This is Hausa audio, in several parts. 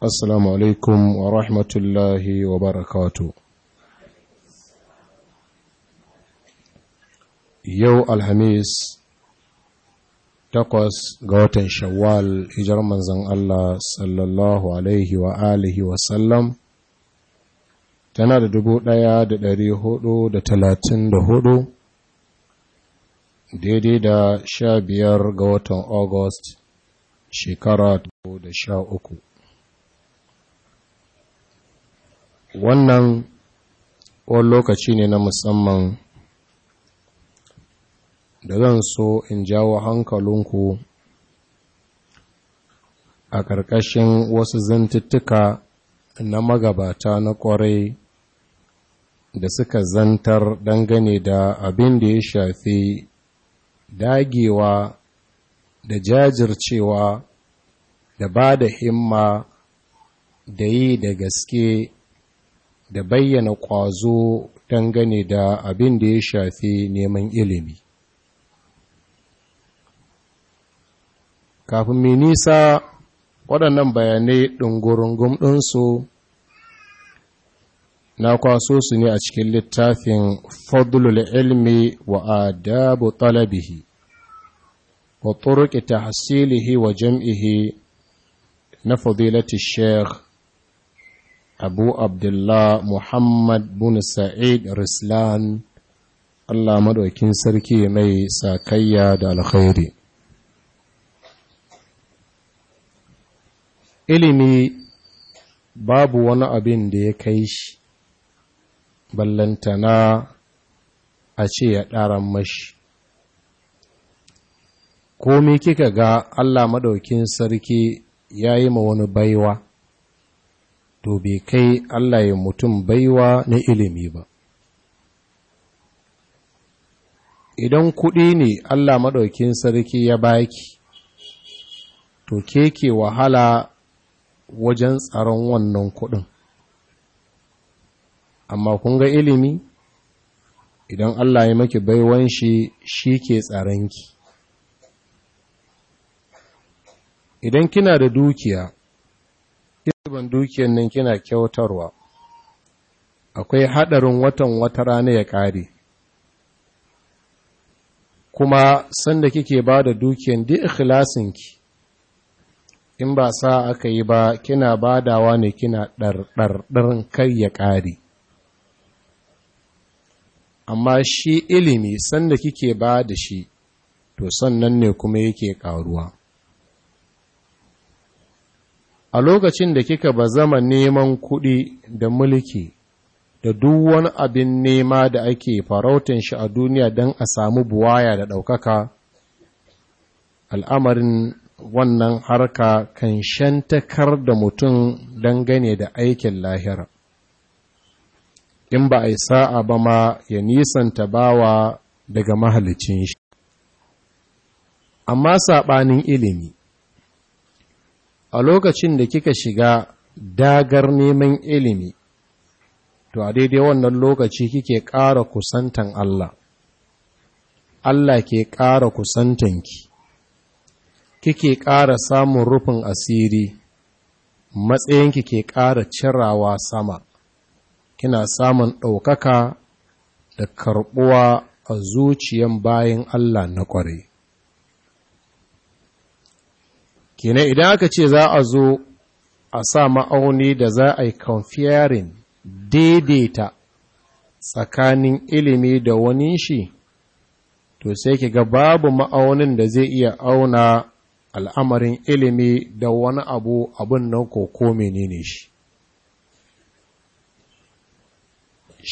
Assalamu alaikum wa rahmatullahi wa barakatu. Yau Alhamis takwas ga watan Shawwal hijar manzan Allah sallallahu Alaihi wa alihi sallam tana da dubu ɗaya da ɗari hudu da talatin da hudu daidai da sha biyar ga watan August shekara da sha uku. wannan wani lokaci ne na musamman da zan so in jawo hankalinku a ƙarƙashin wasu zantuttuka na magabata na ƙwarai da suka zantar dangane da abin da ya shafi dagewa da jajircewa da ba da himma da yi da gaske da bayyana ƙwazo dangane da abin da ya shafi neman ilimi. Kafin mai nisa waɗannan bayanai ɗungurungun gumɗinsu na kwaso su ne a cikin littafin fadlul ilmi wa adabu talabihi wa turuki tahsilihi wa jam'ihi na fadilati sheikh abu abdullah muhammad bin sa'id rislan allah madaukin sarki mai sakayya da alkhairi ilimi babu wani abin da ya kai shi ballantana a ce ya ɗaran mashi komi kika ga allah madaukin sarki ya yi ma wani baiwa to bai kai Allah ya mutum baiwa na ilimi ba idan kuɗi ne Allah maɗaukin sarki ya baki to ke ke wahala wajen tsaron wannan kuɗin amma kun ga ilimi idan Allah ya maki baiwan shi shi ke tsaranki idan kina da dukiya ɗiban dukiyar nan kina kyautarwa akwai haɗarin watan wata rana ya ƙare kuma sanda kike ba da dukiyar duk ikhlasinki in ba sa aka yi ba kina badawa ne kina ɗarɗarɗarin kai ya ƙare amma shi ilimi sanda kike ba da shi to sannan ne kuma yake ƙaruwa a lokacin da kika ba zama neman kuɗi da mulki da duk wani abin nema da ake farautin shi a duniya don a samu buwaya da ɗaukaka al'amarin wannan harka kan shantakar da mutum don gane da aikin lahira in ba a yi sa'a ba ma ya nisanta bawa daga mahalicin shi amma saɓanin ilimi a lokacin da kika shiga dagar neman ilimi to a daidai wannan lokaci kike ƙara kusantan Allah Allah ke ƙara kusantanki kike ƙara samun rufin asiri matsayinki ke ƙara cirawa sama kina samun ɗaukaka da karɓuwa a zuciyan bayan Allah na ƙware kina idan aka ce za a zo a sa ma'auni da za a yi conferring daidaita tsakanin ilimi da wani shi to sai ki ga babu ma'aunin da zai iya auna al'amarin ilimi da wani abu abin nan ko ko menene shi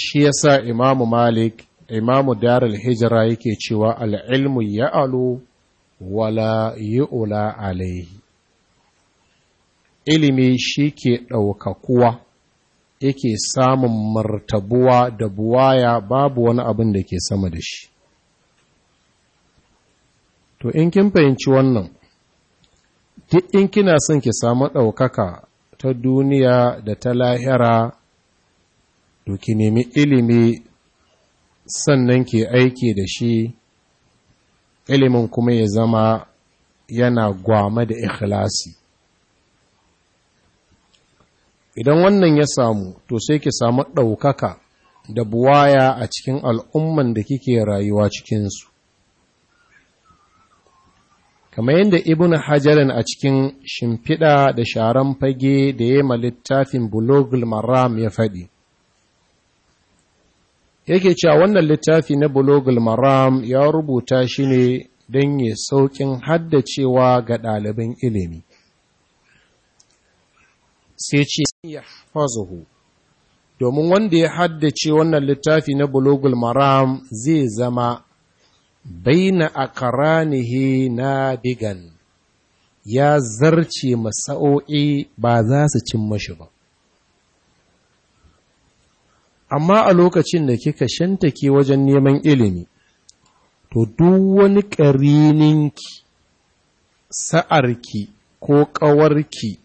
shi yasa imamu malik imamu darul hijira yake cewa al'ilmu ya alo wala yi'ula alaihi ilimi shi ke ɗaukakuwa yake samun martabuwa da buwaya babu wani abin da ke sama da shi to in kin fahimci wannan duk in kina son ki samu ɗaukaka ta duniya da ta lahira to ki nemi ilimi sannan ke aiki da shi ilimin kuma ya zama yana gwama da ikhlasi idan wannan ya samu to sai ki samu ɗaukaka da buwaya a cikin al'umman da kike rayuwa cikinsu kamar yadda ibn hajarin a cikin shimfiɗa da sharan fage da ya ma littafin bulogul maram ya faɗi yake cewa wannan littafi na bulogul maram ya rubuta shi ne don yi saukin haddacewa ga ɗaliban ilimi sai ce ya fazuhu domin wanda ya haddace wannan littafi na bulogul maram zai zama baina akaranihi na digan ya zarce masa'o'i ba za su cin mashi ba amma a lokacin da kika shantake wajen neman ilimi to duk wani ƙarininki sa'arki ko ƙawarki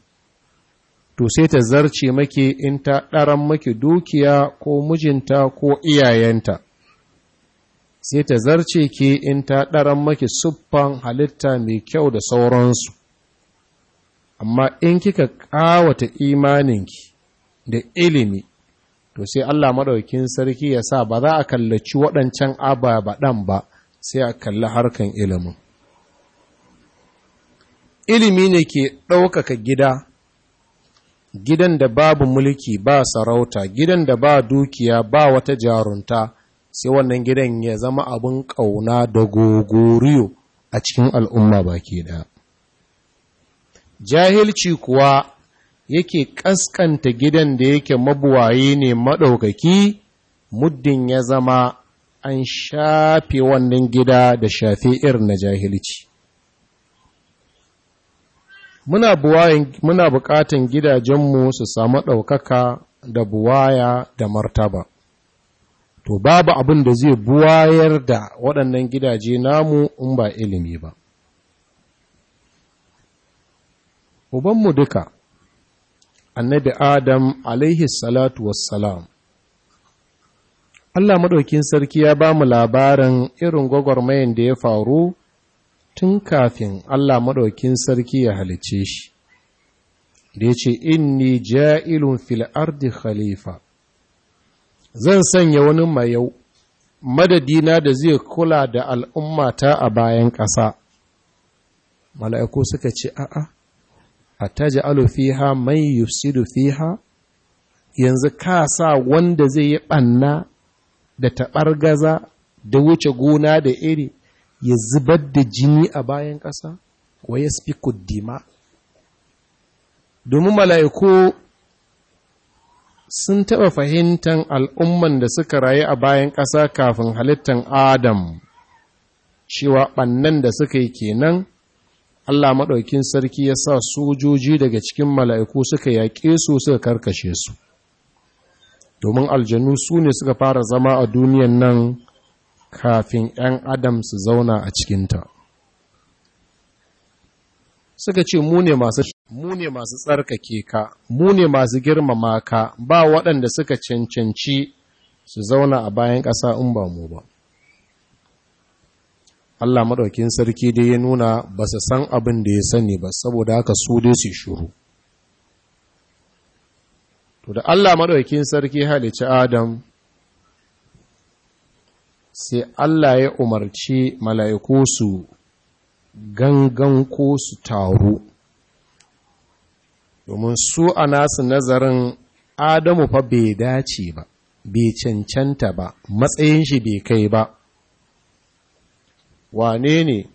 to sai ta zarce make in ta ɗaran make dukiya ko mijinta ko iyayenta sai ta zarce ke in ta ɗaran make siffan halitta mai kyau da sauransu amma in kika ƙawata imaninki da ilimi to sai Allah maɗaukin sarki ya sa ba za a kallaci waɗancan ababaɗan ba sai a kalli harkan ilimin ilimi ne ke ɗaukaka gida gidan da babu mulki ba sarauta gidan da ba dukiya ba wata jarunta sai wannan gidan ya zama abin ƙauna da gogoriyo a cikin al'umma baki ɗaya jahilci kuwa yake ƙasƙanta gidan da yake mabuwaye ne maɗaukaki muddin ya zama an shafe wannan gida da shafe irin na jahilci muna buƙatan gidajenmu su samu ɗaukaka da buwaya da martaba to babu abin da zai buwayar da waɗannan gidaje namu in ba ilimi ba ubanmu duka annabi Adam alaihi salatu wassalam. Allah maɗaukin sarki ya ba mu labarin irin gwagwarmayan da ya faru tun kafin Allah maɗaukin sarki ya halice shi. Da ya ce, Inni ja'ilun fil ardi khalifa, zan sanya wani mayau, madadina da zai kula da al'ummata a bayan ƙasa. Mala'iku suka ce, A'a, a fiha alufiha mai yufsidu fiha yanzu ka sa wanda zai yi ɓanna da taɓargaza da wuce gona da iri ya zubar da jini a bayan ƙasa wa ya fi domin mala'iku sun taɓa fahimtan al'umman da suka rayu a bayan ƙasa kafin halittan adam cewa ɓannan da suka yi kenan Allah maɗaukin sarki ya sa sojoji daga cikin mala'iku suka yaƙe su suka karkashe su domin aljanu su ne suka fara zama a duniyan nan kafin ‘yan adam su zauna a cikinta suka ce mu ne masu tsarkake ka mu ne masu girmama ka ba waɗanda suka cancanci su zauna a bayan ƙasa in ba mu ba Allah maɗaukin sarki dai ya nuna ba su san abin da ya sani ba saboda haka su dai su shuru to da Allah maɗaukin sarki halici Adam sai Allah ya umarci mala'iku su gangan ko su taru domin su a nasu nazarin Adamu fa bai dace ba bai cancanta ba matsayin shi bai kai ba wane ne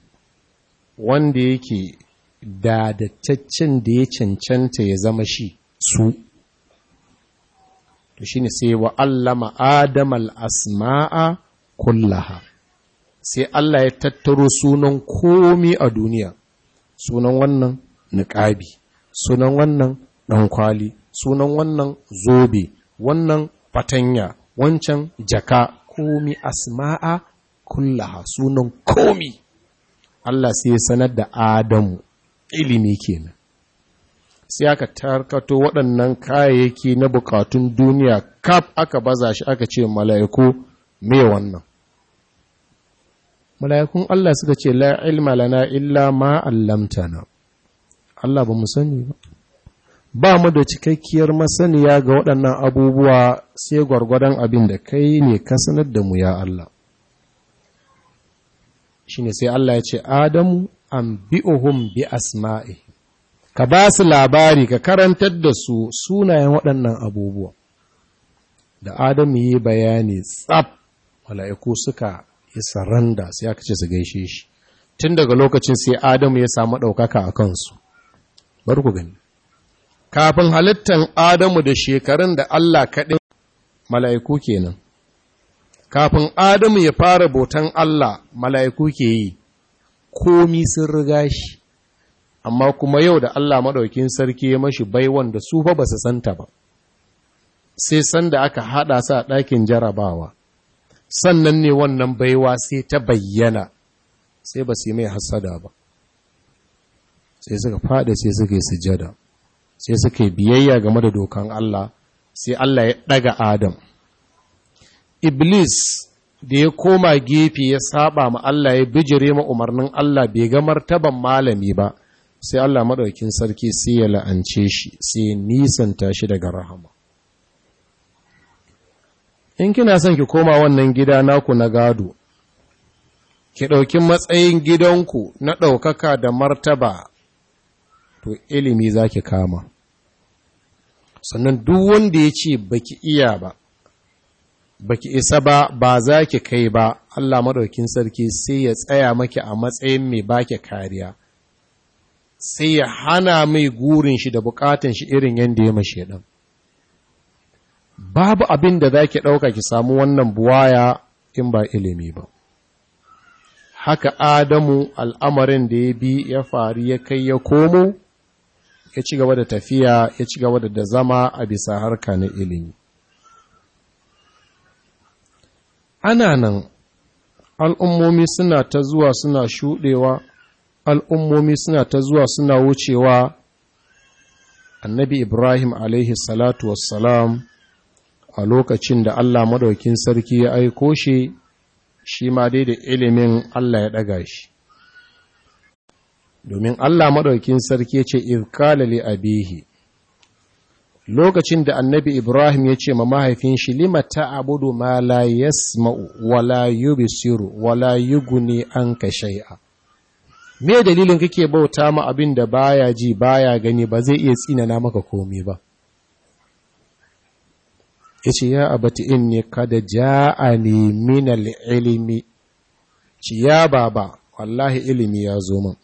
wanda yake dadataccen da ya cancanta ya zama shi su to shine sai wa allama adamal asma'a kullaha sai Allah ya tattaro sunan komi a duniya sunan wannan niƙabi sunan wannan ɗankwali sunan wannan zobe wannan fatanya wancan jaka komi asma'a kullaha sunan komi Allah sai ya sanar da Adamu ilimi kenan sai aka tarkato waɗannan kayayyaki na bukatun duniya kaf aka baza shi aka ce mala'iku me wannan mala'ikun Allah suka ce la ilma lana illa ma allamtana Allah ba mu sani ba ba mu da cikakkiyar masaniya ga waɗannan abubuwa sai gwargwadon abin da kai ne ka sanar da mu ya Allah. shine sai Allah ya ce Adamu an ohun bi asma'i ka ba su labari ka karantar da su sunayen waɗannan abubuwa da Adamu yi bayani tsab mala'iku suka yi saranda sai aka ce su gaishe shi tun daga lokacin sai Adamu ya samu ɗaukaka a kansu bar ku gani kafin halittar Adamu da shekarun da Allah kaɗin mala'iku kenan kafin Adamu ya fara botan Allah mala'iku ke yi, komi sun riga shi, amma kuma yau da Allah maɗaukin sarki ya mashi baiwan da su fa ba su santa ba, sai sanda aka haɗa sa ɗakin jarabawa, sannan ne wannan baiwa sai ta bayyana, sai ba su yi mai hasada ba, sai suka faɗa sai suka yi sujada, sai suka yi biyayya game da dokan Allah, sai Allah ya ɗaga Adam. iblis da ya koma gefe ya saba ma Allah ya bijire ma umarnin Allah bai ga martaban malami ba sai Allah maɗaukin sarki sai ya la'ance shi sai nisanta shi daga rahama in kina son ki koma wannan gida naku na gado ki ɗauki matsayin gidanku na ɗaukaka da martaba to ilimi za ki kama sannan duk wanda ya ce ba ki iya ba baki isa ba ba za ki kai ba Allah maɗaukin sarki sai ya tsaya maki a matsayin mai baki kariya sai ya hana mai gurin shi da bukatan shi irin yadda ya mashe ɗan babu abin da za ki ɗauka ki samu wannan buwaya in ba ilimi ba haka Adamu al'amarin da ya bi ya faru ya kai ya komo, ya ci gaba da tafiya, ya ci gaba da zama a bisa harka na ilimi. ana nan al'ummomi suna ta zuwa suna shuɗewa al'ummomi suna ta zuwa suna wucewa annabi ibrahim alaihi salatu wassalam a lokacin da allah maɗaukin sarki ya aiko shi shi ma dai da ilimin allah ya ɗaga shi domin allah maɗaukin sarki ce irkala abihi lokacin da annabi Ibrahim ya ce ma mahaifin shi lima abudu ma la yasma'u wa la yubsiru wa la yughni anka shay'a me dalilin kake bauta ma abin da baya ji baya gani ba zai iya tsinana maka komai ba yace ya abati inni kad ja'ani min al-ilmi ci ya baba wallahi ilimi ya zo min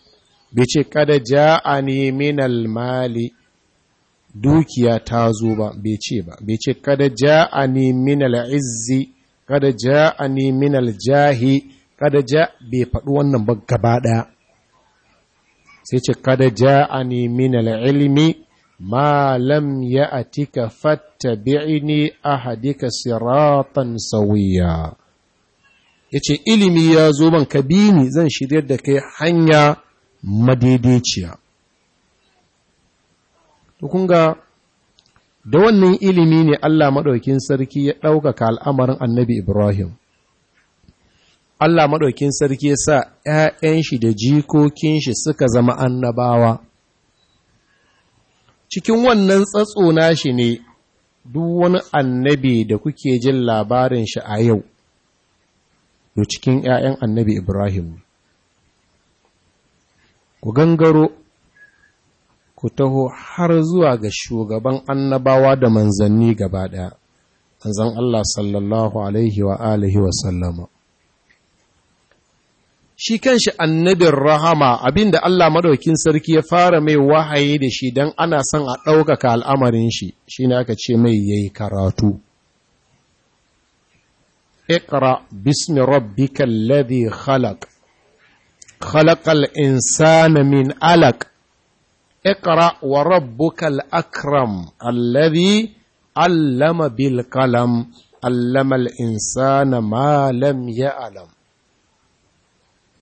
bai ce kada ja'ani min al-mali dukiya ta zo ba bai ce ba bai ce kada ja'ani min al-izzi kada ja'ani min al-jahi kada ja bai faɗi wannan ba gaba ɗaya sai ce kada ja'ani min al-ilmi ma lam ya'tika fattabi'ni ahadika siratan sawiya yace ilimi ya zo ban kabini bi zan shiryar da kai hanya madaidaiciya Tukun ga da wannan ilimi ne Allah maɗaukin sarki ya ɗaukaka al'amarin annabi Ibrahim. Allah maɗaukin sarki ya sa ‘ya'yan shi da jikokin shi suka zama annabawa. Cikin wannan tsatso shi ne duk wani annabi da kuke jin labarin shi a yau, da cikin ‘ya'yan annabi Ibrahim. Ku gangaro ku taho har zuwa ga shugaban annabawa da manzanni gaba ɗaya manzan Allah sallallahu alaihi wa alihi wa sallama shi kan shi annabin rahama abinda Allah madaukin sarki ya fara mai wahayi da shi don ana son a ɗaukaka al'amarin shi shi ne aka ce mai yayi karatu اقرأ bismi ربك الذي خلق خلق insana min علق اقرأ وربك الأكرم الذي علم بالقلم علم الإنسان ما لم يعلم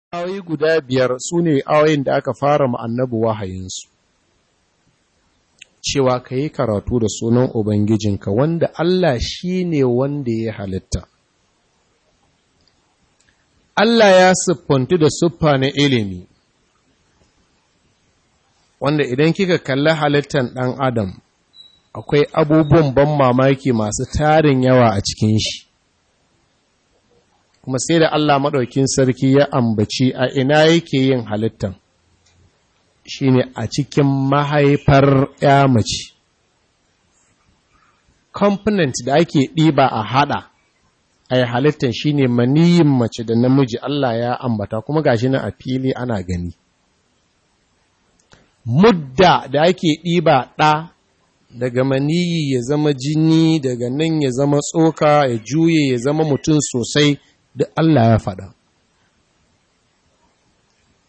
Ayoyi guda biyar sune ne da aka fara ma'annabu wahayinsu, cewa ka yi karatu da sunan Ubangijinka wanda Allah shi ne wanda ya halitta. Allah ya siffantu da siffa na ilimi, wanda idan kika kalli halittar ɗan adam akwai abubuwan ban mamaki masu tarin yawa a cikin shi kuma sai da Allah maɗaukin sarki ya ambaci a ina yake yin halittar? Shi ne a cikin mahaifar ya mace component da ake ɗiba a haɗa a yi shi ne maniyin mace da namiji Allah ya ambata kuma gashi na a fili ana gani mudda da ake ɗiba ɗa daga maniyi ya zama jini daga nan ya zama tsoka ya juye ya zama mutum sosai da Allah ya faɗa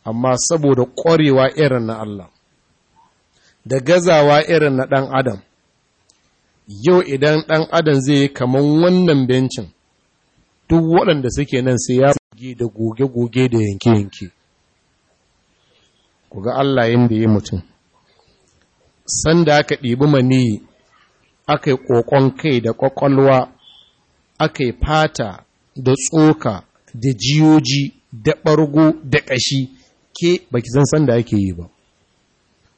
amma saboda ƙwarewa irin na Allah da gazawa irin na ɗan adam yau idan ɗan adam zai yi kamar wannan bencin duk waɗanda suke nan sai ya da goge-goge da yanke-yanke ku ga Allah yadda ya mutum sanda aka ɗibi mani aka yi ƙoƙon kai da ƙwaƙwalwa aka yi fata da tsoka da jiyoji da ɓargo da ƙashi ke baki san sanda ake yi ba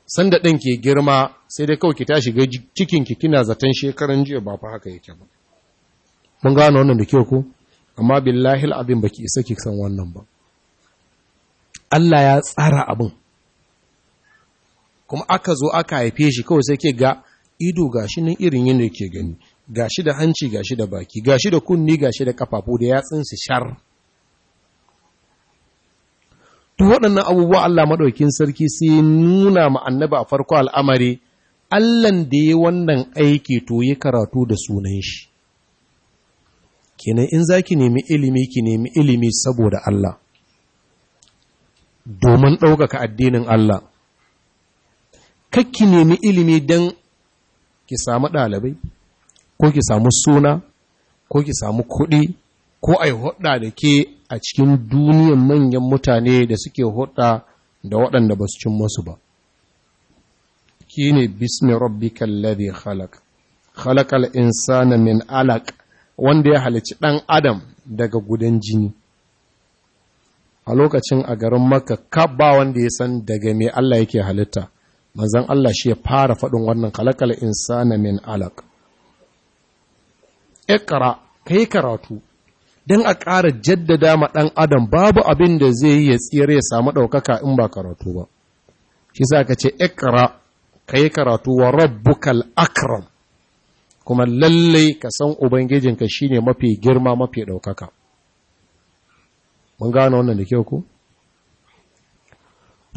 sanda ɗin ke girma sai dai kawai ki tashi ga cikinki kina zaton shekaran jiya ba fa haka yake ba mun gano wannan da kyau ko amma billahi abin baki isa ki san wannan ba Allah ya tsara abin kuma aka zo aka haife shi kawai sai ke ga ido gashi nan irin yadda ke gani gashi da hanci gashi da baki gashi da kunni gashi da kafafu da yatsun su shar to waɗannan abubuwa Allah maɗaukin sarki sai nuna ma annabi a farko al'amari Allahn da ya wannan aiki to yi karatu da sunan shi kenan in zaki nemi ilimi ki nemi ilimi saboda Allah domin ɗaukaka addinin Allah kakki nemi ilimi don ki samu ɗalibai ko ki samu suna ko ki samu kuɗi ko a yi hudda da ke a cikin duniyan manyan mutane da suke hudda da waɗanda ba su cin masu ba ki ne bismi rabbikal ladhi khalaq khalaqal insana min alaq wanda ya halici ɗan adam daga gudan jini a lokacin a garin makka ka ba wanda ya san daga me Allah yake halitta manzon Allah shi ya fara faɗin wannan khalaqal insana min alaq iqra kai karatu dan a ƙara jaddada ma ɗan adam babu abin da zai yi ya tsira ya samu ɗaukaka in ba karatu ba shi sa ka ce iqra kai karatu wa rabbukal akram kuma lallai ka san ubangijinka shine mafi girma mafi ɗaukaka mun gane wannan da kyau ku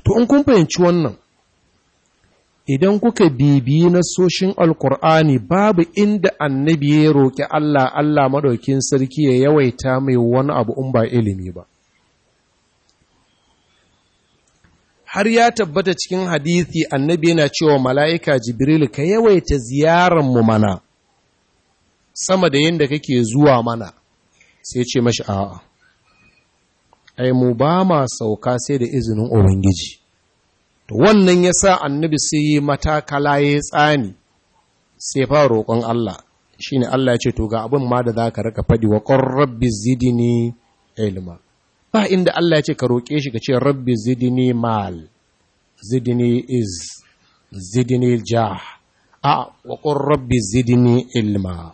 to in kun fahimci wannan idan kuka bibiyi nasoshin alkur'ani babu inda annabi ya roƙi Allah Allah maɗaukin sarki ya yawaita mai wani abu in ba ilimi ba har ya tabbata cikin hadithi annabi yana cewa mala'ika jibril ka yawaita ziyarar mu mana sama da yadda kake zuwa mana sai ce mashi a'a ai mu ba ma sauka sai da izinin ubangiji to wannan ya sa annabi sai yi matakala ya tsani sai fara roƙon Allah shi ne Allah ya ce to ga abin ma da za ka raka faɗi wa ƙon rabbi zidini ilma ba inda Allah ya ce ka roƙe shi ka ce rabbi zidini mal zidini iz zidini jah a wa ƙon rabbi zidini ilma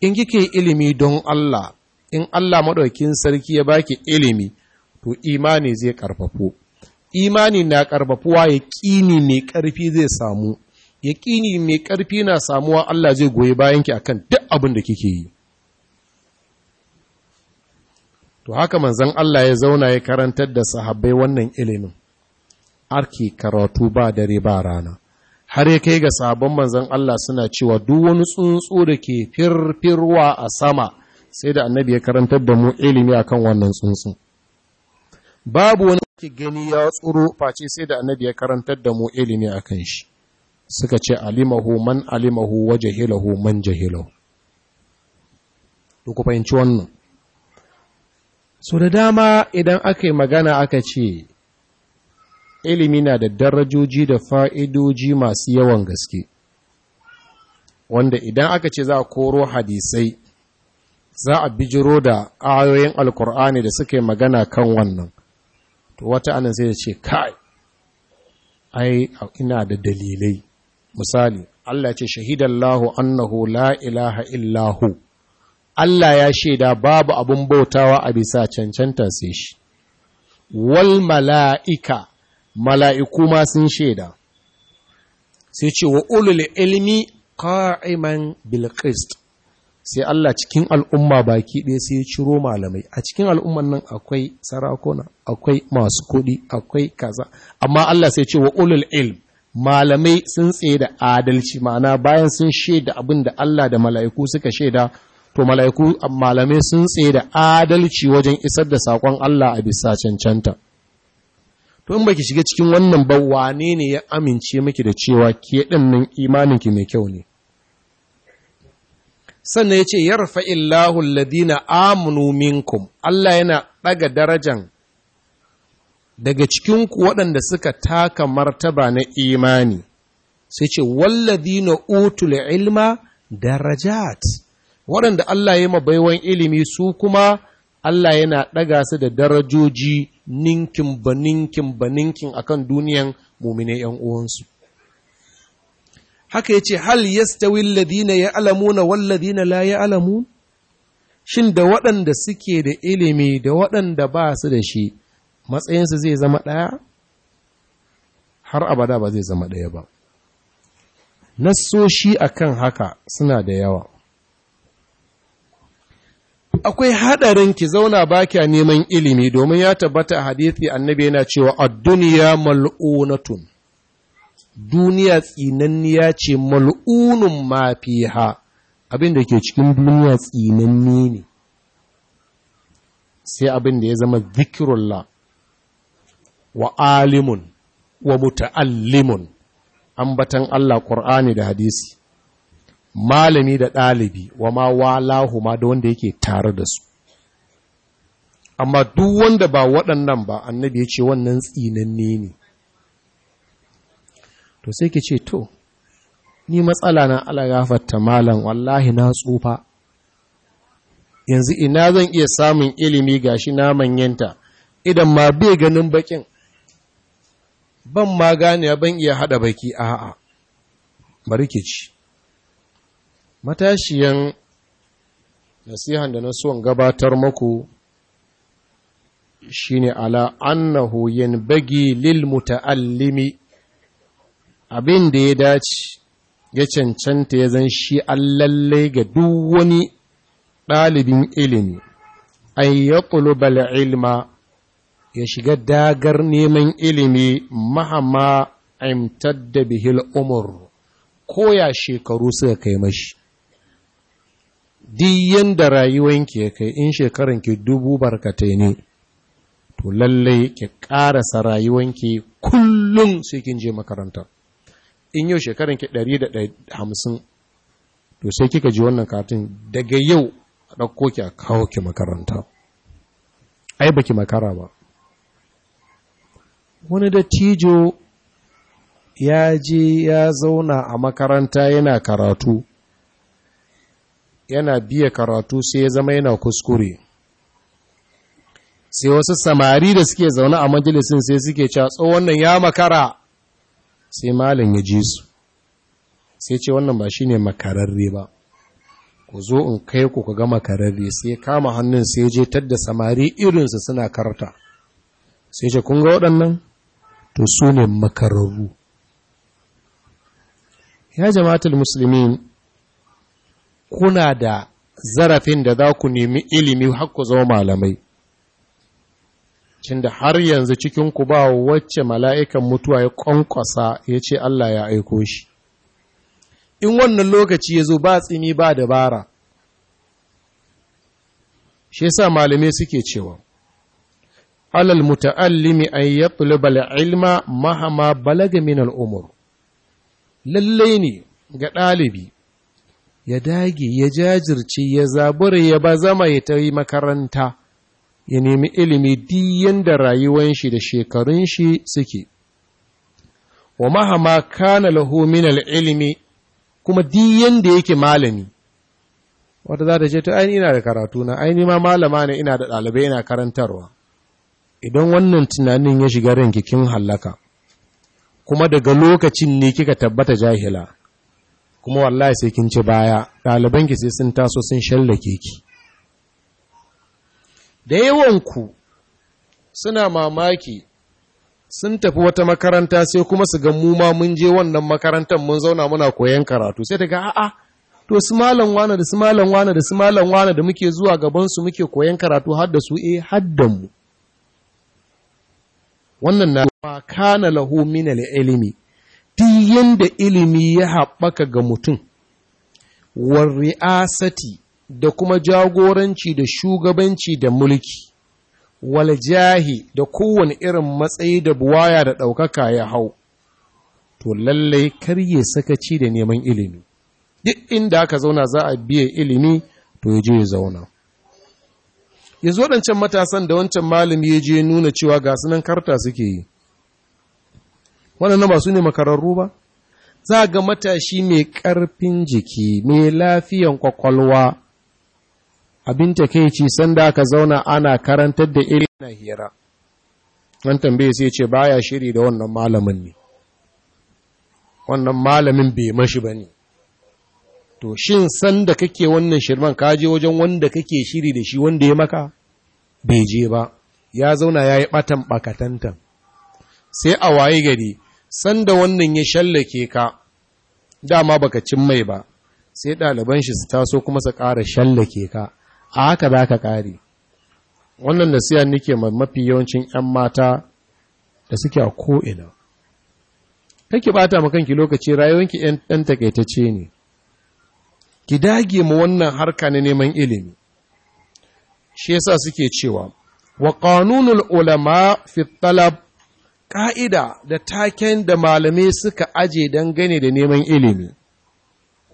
in kike ilimi don Allah in Allah maɗaukin sarki ya baki ilimi to imani zai ƙarfafo imani na karbafuwa yaƙini mai karfi zai samu kini mai karfi na samuwa Allah zai goyi bayan ki kan duk abin da kike yi to haka manzon Allah ya zauna ya karantar da sahabbai wannan ilimin arki karatu ba dare ba rana har ya kai ga sabon manzon Allah suna cewa duk wani tsuntsu da ke firfirwa a sama sai da annabi ya karantar da mu ilimi akan wannan tsuntsu babu wani ki gani ya tsuru face sai da annabi ya karantar da mu ilimi akan shi suka ce alimahu man alimahu wa jahilahu man jahilahu ku fahimci wannan so da dama idan aka yi magana aka ce ilimi na da darajoji da fa'idoji masu yawan gaske wanda idan aka ce za a koro hadisai za a bijiro da ayoyin alkur'ani da suke magana kan wannan to wata anan sai ce kai ai ina da dalilai misali Allah ce shahidallahu annahu la ilaha illahu Allah ya shaida babu abun bautawa a bisa cancanta sai shi wal mala'ika mala'iku ma sun shaida sai ce wa ulul ilmi qa'iman bil qist sai Allah cikin al'umma baki ɗaya sai ya ciro malamai a cikin al'umman nan akwai sarakuna akwai masu kuɗi akwai kaza amma Allah sai ce wa ulul ilm malamai sun tsaye da adalci mana bayan sun shaida abin da Allah da mala'iku suka shaida to mala'iku malamai sun tsaye da adalci wajen isar da saƙon Allah a bisa cancanta to in baki shiga cikin wannan ba wane ne ya amince miki da cewa ke ɗin nan imaninki mai kyau ne sannan ya ce yarfa illahu ladina amunu minkum Allah yana ɗaga darajan daga cikinku waɗanda suka taka martaba na imani sai ce 'Walladina utul ilma darajat waɗanda Allah ya baiwan ilimi su kuma Allah yana ɗaga su da darajoji ninkin ba ninkin ba ninkin akan duniyan mumine ‘yan uwansu. haka ya ce hal yastawi alladhina ya'lamuna walladhina la ya'lamun shin da waɗanda suke da ilimi da waɗanda ba su da shi matsayinsu zai zama ɗaya har abada ba zai zama ɗaya ba nassoshi akan haka suna da yawa akwai haɗarin ki zauna ba kya neman ilimi domin ya tabbata a hadithi annabi yana cewa ad-dunya mal'unatun duniya tsinanniya ce mal'unun ma ha. abin da ke cikin duniya tsinanni ne sai abin da ya zama zikirullah wa alimun wa muta'allimun ambatan Allah Qur'ani da hadisi malami da ɗalibi wa ma walahu ma da wanda yake tare da su amma duk wanda ba waɗannan ba annabi ya ce wannan tsinanne ne to sai ke ce to ni matsala na ala malam wallahi na tsufa yanzu ina zan iya samun ilimi gashi na manyanta idan ma bai ganin bakin ban ma gane ban iya hada baki a'a bari ke ci matashiyan nasihan da na son gabatar muku shine ala annahu yanbaghi lil muta'allimi abin da ya dace ya cancanta ya zan shi allalle ga duk wani ɗalibin ilimi an ya bala ilma ya shiga dagar neman ilimi mahama aimtar da bihil umar koya shekaru suka kai mashi diyan da rayuwanki ya kai in shekaranki dubu barkatai ne to lallai ki ƙarasa rayuwanki kullum sai kin je makarantar. in yau shekaran ki 150 to sai kika ji wannan katin daga yau a ɗauko ki a kawo ki makaranta ai baki makara ba wani dattijo ya je ya zauna a makaranta yana karatu yana biya karatu sai ya zama yana kuskure sai wasu samari da suke zaune a majalisin sai suke cewa tsohon nan ya makara sai malam ya ji su sai ce wannan ba shi ne makararre ba ku zo in kai ku ku ga makararre sai kama hannun sai je tadda samari irinsu suna karta sai ce kun ga waɗannan to su ne makararru ya jama'atul musulmin kuna da zarafin da za ku nemi ilimi har ku zama malamai cin da har yanzu cikin ku ba wacce mala'ikan mutuwa ya ƙwanƙwasa ya ce Allah ya aiko shi. In wannan lokaci ya zo ba tsimi ba dabara, shi sa malamai suke cewa, Alal muta'allimi an ya tulubal ilma mahama balaga min al'umur, lallai ne ga ɗalibi, ya dage, ya jajirce, ya zabura, ya ba zama ya ta makaranta. ya nemi ilimi diyan da rayuwan shi da shekarun shi suke wa mahama kana lahu min ilimi kuma diyan da yake malami wata za ta ce ta aini ina da karatu na aini ma malama ne ina da ɗalibai ina karantarwa idan wannan tunanin ya shiga ranki kin hallaka kuma daga lokacin ne kika tabbata jahila kuma wallahi sai kin ci baya ɗalibanki sai sun taso sun shallake ki da yawanku suna mamaki sun tafi wata makaranta sai kuma su ga mu ma mun je wannan makarantar mun zauna muna koyon karatu sai ta ga a'a to su malam wane da su malam wane da su malam wane da muke zuwa gaban su muke koyon karatu har da su eh da mu wannan na ma kana lahu min ilimi ti yanda ilimi ya haɓaka ga mutum war ri'asati da kuma jagoranci da shugabanci da mulki, wal jahi da kowane irin matsayi da buwaya da ɗaukaka ya hau, to lallai kar ya sakaci da neman ilimi, duk inda aka zauna za a biya ilimi to ya je ya zauna. Yanzu waɗancan matasan da wancan malami ya je nuna cewa ga sunan karta suke yi, waɗannan ba su ne makararru ba? Za ga matashi mai ƙarfin jiki, mai lafiyan ƙwaƙwalwa. abin takeici sanda ka zauna ana karantar da irin na hira an tambaye sai ce baya shiri da wannan malamin ne wannan malamin bai mashi bane to shin sanda kake wannan shirman ka je wajen wanda kake shiri da shi wanda ya maka bai je ba ya zauna ya yi batan bakatanta sai a waye gari sanda wannan ya shallake ka dama baka cin mai ba sai ɗaliban shi su taso kuma su ƙara shallake ka a haka za ka ƙari wannan nasiya nike mafi yawancin 'yan mata da suke a ko'ina kake bata ma kanki lokaci rayuwanki 'yan takaitacce ne ki dage ma wannan harka na neman ilimi shi yasa suke cewa wa qanunul ulama fi ƙa'ida da taken da malamai suka aje dangane da neman ilimi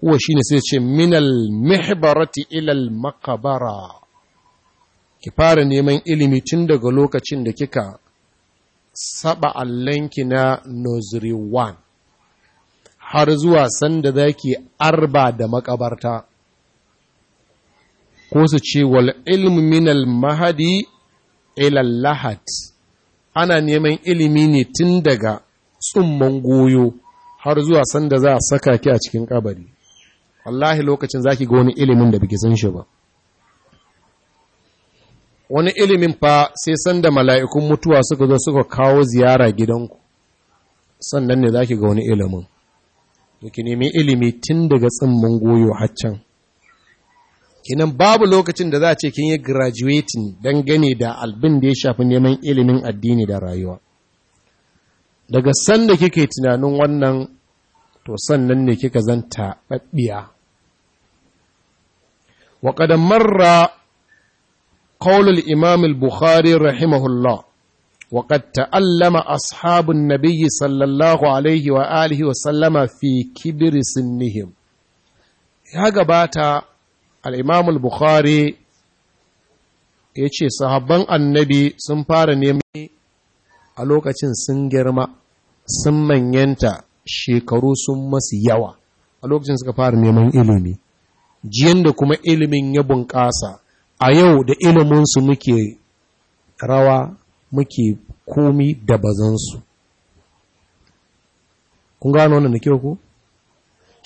shi shine sai ce minal mihbarati ilal makabara ki fara neman ilimi tun daga lokacin da kika saba allanki na nursery 1 har zuwa sanda zaki arba da makabarta ko su ce wal ilmu minal mahadi ilal lahad ana neman ilimi ne tun daga tsumman goyo har zuwa sanda za a saka ki a cikin kabari wallahi lokacin zaki ga wani ilimin da biki san shi ba wani ilimin fa sai sanda mala'ikun mutuwa suka zo suka kawo ziyara gidanku sannan ne zaki ga wani ilimin ne, nemi ilimi tun daga tsimmin goyo haccan kinan babu lokacin da za a ce kin yi graduating don gane da albin da ya shafi neman ilimin addini da rayuwa daga sanda kike tunanin wannan to sannan ne kika zanta babbiya wa qad marra qawl al-imam al-bukhari rahimahullah wa qad ta'allama ashabun nabiyyi sallallahu alaihi wa alihi wa sallama fi kibri sinnihim ya gabata al-imam al-bukhari yace sahabban annabi sun fara neman a lokacin sun girma sun manyanta shekaru sun masu yawa a lokacin suka fara neman ilimi jiyan da kuma ilimin ya bunƙasa a yau da iliminsu muke rawa muke komi da bazansu kun gano wannan da kyau ku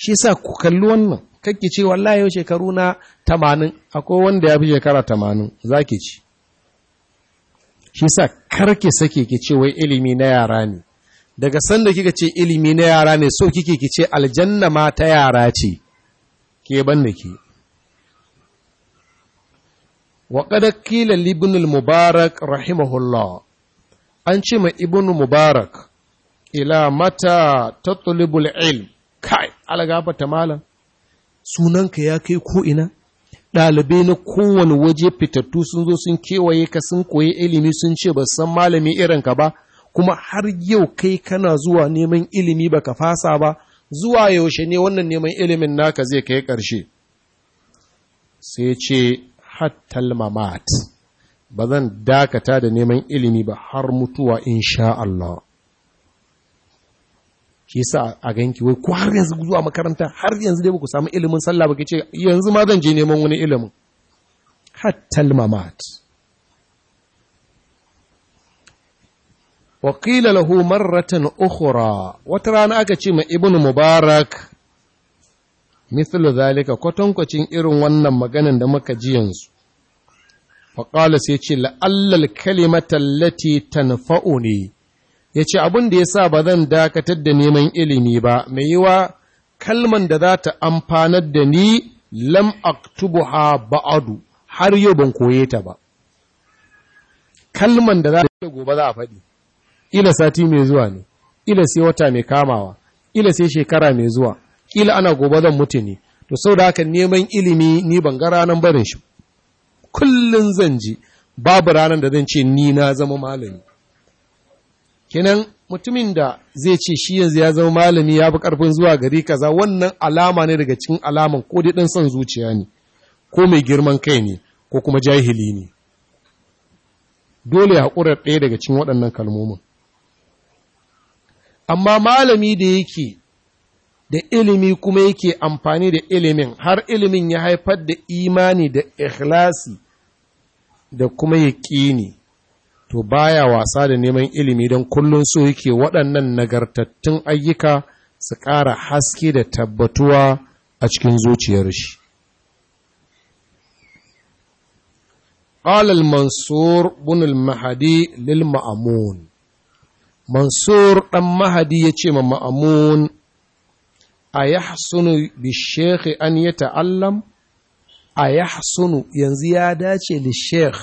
shi sa ku kalli wannan kakki ce wallahi yau shekaru na tamanin akwai wanda ya fi shekara tamanin za ki ci shi sa karki sake ki ce wai ilimi na yara ne daga sanda kika ce ilimi na yara ne so kike ki ce aljanna ma ta yara ce ke ban da ke wa qad qila mubarak rahimahullah an ce ma ibn mubarak ila mata tulibul ilm kai algafa ta malam sunanka ya kai ko ina ɗalibai na kowane waje fitattu sun zo sun kewaye ka sun koyi ilimi sun ce ba san malami irinka ba kuma har yau kai kana zuwa neman ilimi ba ka fasa ba zuwa yaushe ne wannan neman ilimin naka zai kai ƙarshe sai ce hattal mamat ba zan dakata da neman ilimi ba har mutuwa insha Allah Ke sa a ganki wai ku har yanzu zuwa makaranta har yanzu dai ku samu ilimin sallah ba ce yanzu ma zan je neman wani ilimin hattal mamat wa qila lahu marratan ukhra wata rana aka ce ma ibn mubarak mithlu zalika kwatankwacin irin wannan maganan da muka ji yanzu fa qala sai ce la'allal kalimata ne, ya yace abin da yasa ba zan dakatar da neman ilimi ba mai wa kalman da za ta amfanar da ni lam aktubuha ba'adu har yau ban koye ta ba kalman da za ta gobe za a faɗi Ila sati mai zuwa ne ila sai wata mai kamawa ila sai shekara mai zuwa ila ana gobe zan mutu ne to sau da haka neman ilimi ni ban ga ranar barin shi kullum zan ji babu ranar da zan ce ni na zama malami kenan mutumin da zai ce shi yanzu ya zama malami ya fi karfin zuwa gari kaza wannan alama ne daga cikin alaman ko dai dan son zuciya ne ko mai girman kai ne ko kuma jahili ne dole ya hakurar ɗaya daga cikin waɗannan kalmomin amma malami da yake da ilimi kuma yake amfani da ilimin har ilimin ya haifar da imani da ikhlasi da kuma yaƙini to baya wasa da neman ilimi don kullum so yake waɗannan nagartattun ayyuka su ƙara haske da tabbatuwa a cikin zuciyar shi Mansur المنصور بن lil للمأمون mansur ɗan mahadi ya ce ma ma'amun a yahsunu bi shekhi an yi ta'allam a yahsunu yanzu ya dace li shekh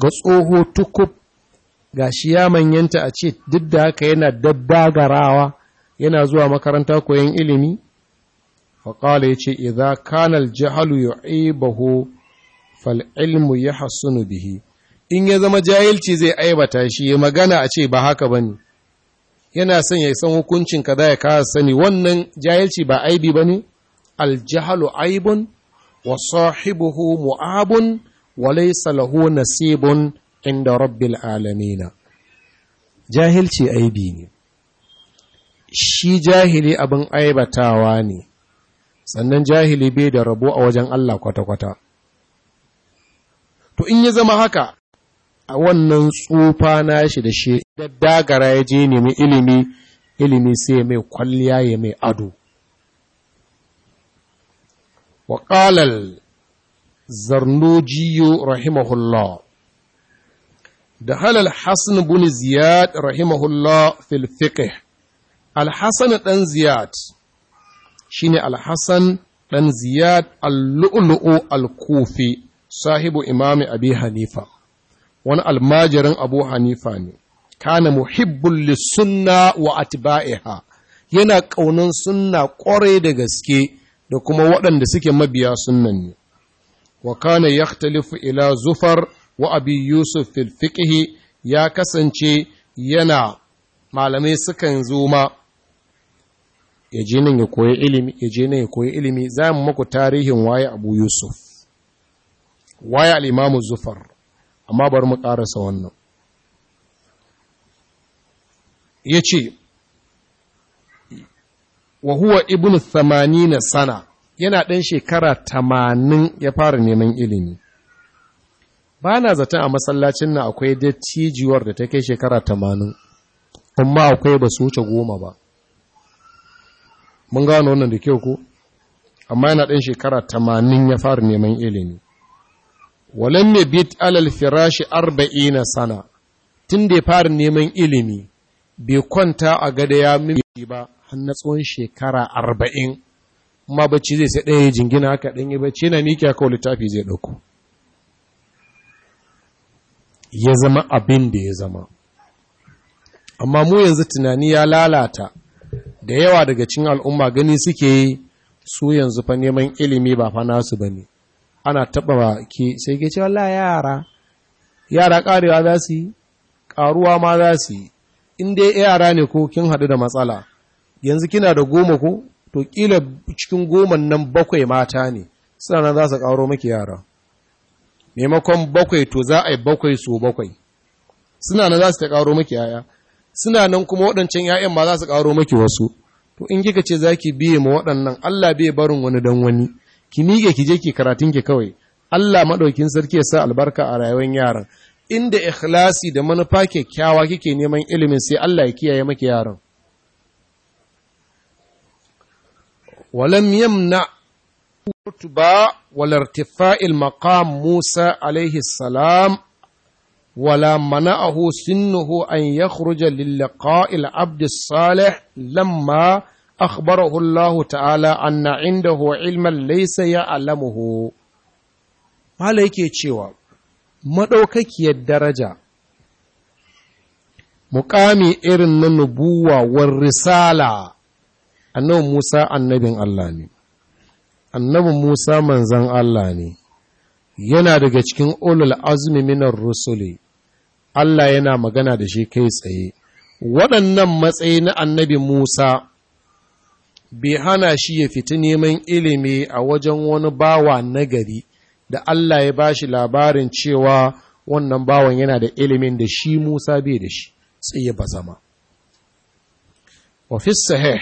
ga tsoho tukub ga shi ya manyanta a ce duk da haka yana daddagarawa yana zuwa makaranta koyon ilimi faƙala ya ce Iza kanal jahalu yu'ibahu fal ilmu hasunu bihi in ya zama jahilci zai aibata shi magana a ce ba haka bane yana son ya san hukuncin kaza ya kasa sani wannan jahilci ba aibi bane aljahalu aibun wa sahibuhu mu'abun wa laysa lahu nasibun inda rabbil alamin jahilci aibi ne shi jahili abin aibatawa ne sannan jahili bai da rabo a wajen Allah kwata-kwata to in ya zama haka a wannan tsufa nashi da shi daddagara ya je nemi ilimi ilimi sai mai kwalliya ya mai ado wa zarnojiyo rahimahullah da halal hassan bin ziyad rahimahullah fil fiqh al ziyad shine ne alhassan ɗan ziyad al-lu'lu'u al-kufi sahibu imami abi hanifa wani almajirin abu hanifa ne kana muhibbul lissunna wa atba'iha yana ƙaunin sunna ƙwarai da gaske da kuma waɗanda suke mabiya sunnan ne wa kana yahtalifu ila zufar wa abi yusuf fil ya kasance yana malamai sukan zo ma ya je nan ya koyi ilimi ya za mu maku tarihin waye abu yusuf waye al-imamu zufar amma bari mu ƙarasa wannan ya ce wa huwa ibn na sana yana ɗan shekara tamanin ya fara neman ilimi ba na zaton a masallacin na akwai dattijiwar da ta kai shekara tamanin kuma akwai ba su wuce goma ba mun gano wannan da kyau ko amma yana ɗan shekara tamanin ya fara neman ilimi walam bit alal firashi arba'ina sana tunda ya fara neman ilimi bai kwanta a gada ya mimmi ba har na tsawon shekara arba'in ma bacci zai sai ɗaya jingina haka ɗanyi bacci yana miki a littafi zai ɗauko ya zama abin da ya zama amma mu yanzu tunani ya lalata da yawa daga cin al'umma gani suke yi su yanzu fa neman ilimi ba fa nasu ba ne ana taɓa ke sai ke ce wala yara yara karewa za su yi ƙaruwa ma za su yi in dai yara ne ko kin haɗu da matsala yanzu kina da goma ko to ƙila cikin goman nan bakwai mata ne suna nan za su karo maki yara maimakon bakwai to za a yi bakwai so bakwai suna nan za su ta karo maki yaya suna nan kuma waɗancan ‘ya'yan ma za su karo maki wasu, to in kika ce za ki biye ma waɗannan Allah bai barin wani don wani, ki mige ki je ki karatun ki kawai Allah maɗaukin sarki ya sa albarka a rayuwar yaran inda ikhlasi da manufa kyakkyawa kike neman ilimin sai Allah ya kiyaye maki yaran ولم يمنع الرتبة ولا Musa المقام موسى عليه السلام ولا منعه سنه أن يخرج للقاء العبد الصالح لما akhbarahu Allah ta'ala anna indahu ilman laysa ya'lamuhu mala yake cewa madaukakiyar daraja muƙami irin na nubuwa war risala annabin Musa annabin Allah ne annabin Musa manzan Allah ne yana daga cikin ulul azmi minar rusuli Allah yana magana da shi kai tsaye waɗannan matsayi na annabi Musa bai hana shi ya fita neman ilimi a wajen wani bawa nagari da Allah ya bashi labarin cewa wannan bawan yana da ilimin da shi Musa bai da shi sai ya bazama. Wa sahih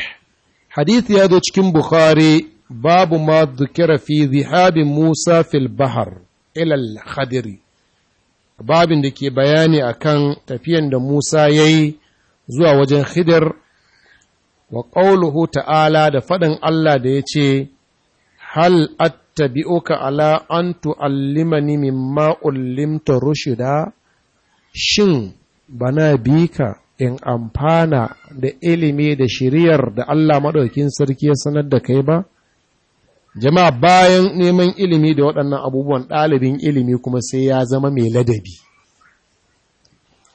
hadith ya zo cikin Bukhari babu ma dhukira fi zihabin Musa fil bahar ilal khadiri babin da ke bayani akan tafiyan da Musa yayi zuwa wajen Khidir wa ƙauluhu ta'ala da faɗin Allah da ya ce, Hal attabi'uka ala an tu'allimani mimma ullimta rushida, shin bana bi ka in amfana da ilimi da shiriyar da Allah maɗaukin sarki ya sanar da kai ba? Jama'a bayan neman ilimi da waɗannan abubuwan ɗalibin ilimi kuma sai ya zama mai ladabi.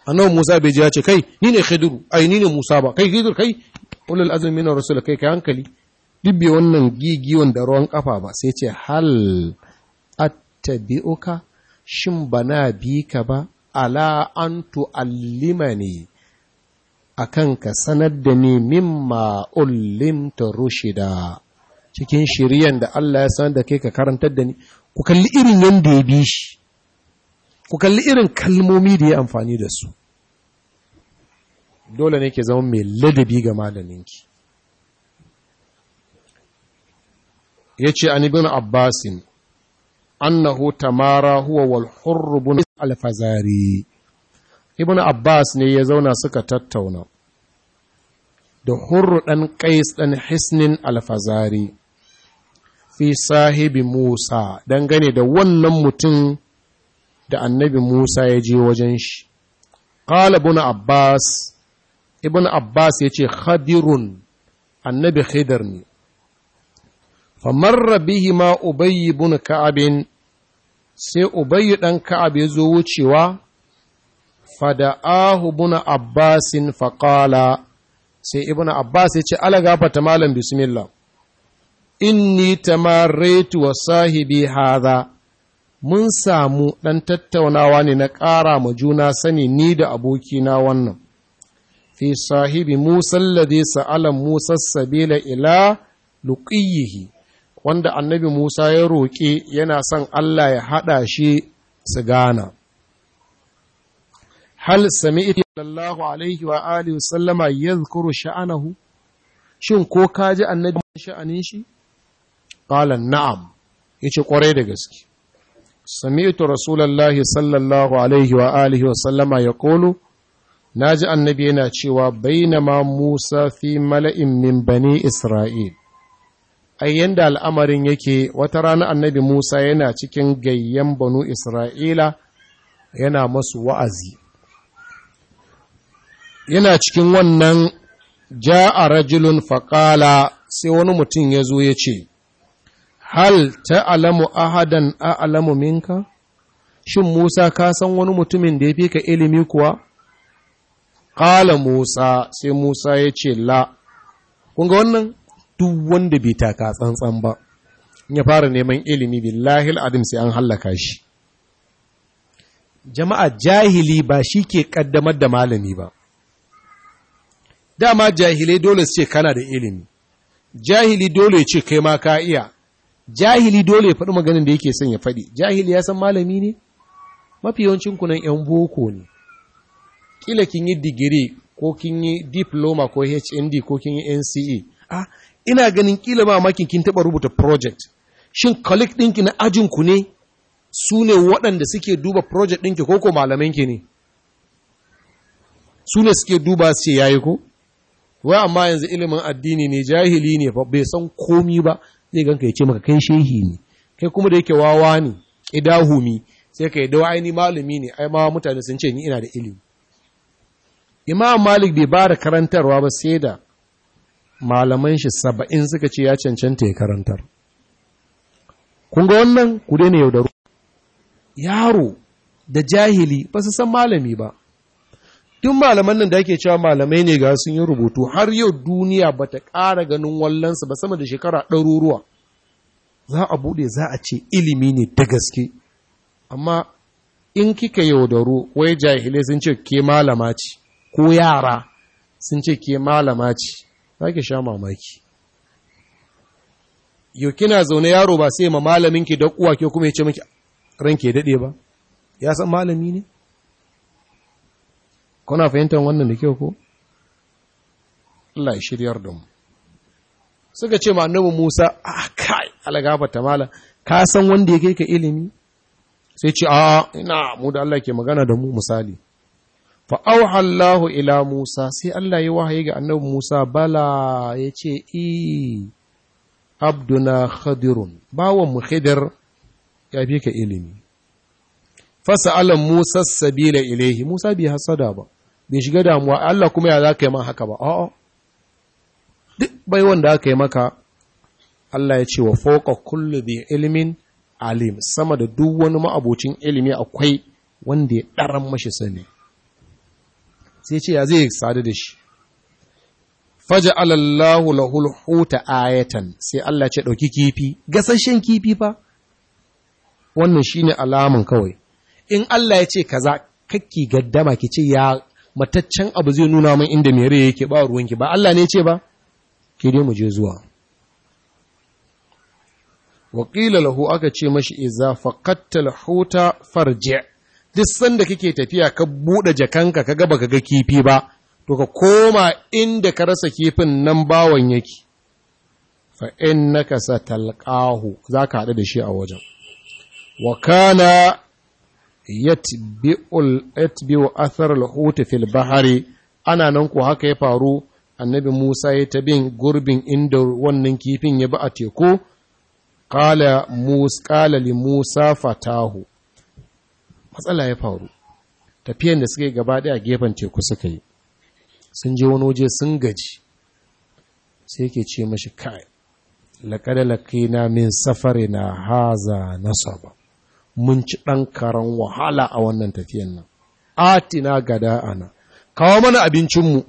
Annabi Musa bai ji ce, Kai, ni ne Khidiru, ai, ni ne Musa ba, kai Khidiru, kai, ulul azumi na rasul kai ka hankali dubbe wannan gigiwan da ruwan kafa ba sai ce hal attabi'uka shin bana bi ka ba ala an tu'allimani akan ka sanar da ni mimma ullimta rushida cikin shiriyan da Allah ya sanar da kai ka karantar da ni ku kalli irin yanda ya bi shi ku kalli irin kalmomi da ya amfani da su dole ne ke zama mai ladabi ga malaminki ya ce an ibn abbasin annahu tamara huwa wal hurrubun alfazari ibn abbas ne ya zauna suka tattauna da hurru ɗan ƙais ɗan hisnin alfazari fi sahibi musa dangane da wannan mutum da annabi musa ya je wajen shi ƙalabun abbas ibn abbas ya ce khadirun annabi khidar ne famarra bihi ma ubayy ibn ka'abin sai ubayy dan ka'ab ya zo wucewa fada'ahu ibn abbasin faqala sai ibn abbas ya ce ala gafata malam bismillah inni tamarraitu wa sahibi hadha mun samu ɗan tattaunawa ne na ƙara ma juna sani ni da abokina wannan fi sahibi Musa alladhi sa'ala Musa sabila ila luqiyihi wanda annabi Musa ya roƙe yana son Allah ya haɗa shi su gana. Hal sami sami'ti sallallahu alaihi wa alihi sallama yadhkuru sha'anahu shin ko kaji ji annabi sha'anin shi? Qala na'am ya yace ƙwarai da gaske. Sami'tu Rasulullahi sallallahu alaihi wa alihi wa sallama ya yaqulu na ji annabi yana cewa ma Musa fi mala'in min bani Isra'il. Ai, yanda al'amarin yake wata rana annabi Musa yana cikin gayyan banu Isra'ila yana masu wa'azi. Yana cikin wannan ja a rajulun faƙala sai wani mutum ya zo ya ce, Hal ta alamu ahadan a alamu minka? Shin Musa ka san wani mutumin da ya fi ka ilimi kuwa? ƙala Musa sai Musa ya ce la, kunga wannan duk wanda bai taka tsantsan ba, ya fara neman ilimi billahil adim sai an hallaka shi. Jama'a jahili ba shi ke ƙaddamar da malami ba, dama jahilai dole ce kana da ilimi, jahili dole ce kai ma ka iya, jahili dole ya faɗi maganin da yake son ya faɗi, jahili ya san malami ne? Mafi yawancin kunan ‘yan boko ne. kila kin yi digiri ko kin yi diploma ko HND ko kin yi NCE a ina ganin kila ma makin kin taba rubuta project shin colleague dinki na ajin ku ne su ne waɗanda suke duba project dinki ko ko ki ne su ne suke duba su ce yayi ko wai amma yanzu ilimin addini ne jahili ne fa bai san komi ba zai ganka ya ce maka kai shehi ne kai kuma da yake wawa ne idahumi sai ka yi dawa aini malami ne ai ma mutane sun ce ni ina da ilimi imam malik bai ba da karantarwa ba sai da malaman shi saba'in suka ce ya cancanta ya karantar kun ga wannan ku daina yaudaru yaro da jahili ba su san malami ba Tun malaman nan da ake cewa malamai ne ga sun yi rubutu har yau duniya ba ta ƙara ganin wallonsa ba sama da shekara ɗaruruwa za a buɗe za a ce ilimi ne da gaske amma in kika yaudaru, wai jahilai sun ce ke malama ce ko yara sun ce ke malama ce za ki sha mamaki yau kina zaune yaro ba sai ma malamin ki dakuwa ke kuma ya ce miki ranke ya daɗe ba ya san malami ne kuna fahimtar wannan da kyau ko Allah ya shiryar da mu suka ce ma annabi Musa a kai algafa ta mala ka san wanda ya kai ka ilimi sai ce a ina mu da Allah ke magana da mu misali fa’auha auhallahu ila Musa sai Allah yi wahayi ga annabi Musa bala ya ce i abduna khadirun bawan mu khidir ya fi ka ilimi fasa alam Musa sabila ilaihi Musa bai hasada ba bai shiga damuwa Allah kuma ya zaka yi ma haka ba a'a duk bai wanda aka yi maka Allah ya ce wa foka kullu bi ilimin alim sama da duk wani ma'abocin ilimi akwai wanda ya ɗaran mashi sani sai ce ya zai sadu da shi faja alallahu lahul huta ayatan sai Allah ce ɗauki kifi gasashen kifi fa wannan shine alamun kawai in Allah ya ce kaza kakki gaddama ki ce ya mataccen abu zai nuna min inda mere yake ba ruwanki ba Allah ne ce ba ke dai mu je zuwa wa qila lahu aka ce mashi iza faqatta huta farji' duk sanda kake tafiya ka buɗe jakanka ka gaba ka ga kifi ba to ka koma inda ka rasa kifin nan bawon yake fa innaka satalqahu zaka haɗu da shi a wajen wa kana yatbi'ul yatbi'u athar al-hut fil bahri ana nan ko haka ya faru annabi Musa ya ta gurbin inda wannan kifin ya bi a teku qala li Musa fatahu matsala ya faru tafiyan da suka yi gaba ɗaya gefen teku suka yi sun je wani waje sun gaji sai ke ce mashi kai laƙada laƙina min safari na haza na saba. mun ci ɗan karan wahala a wannan tafiyan nan atina gada ana kawo mana abincinmu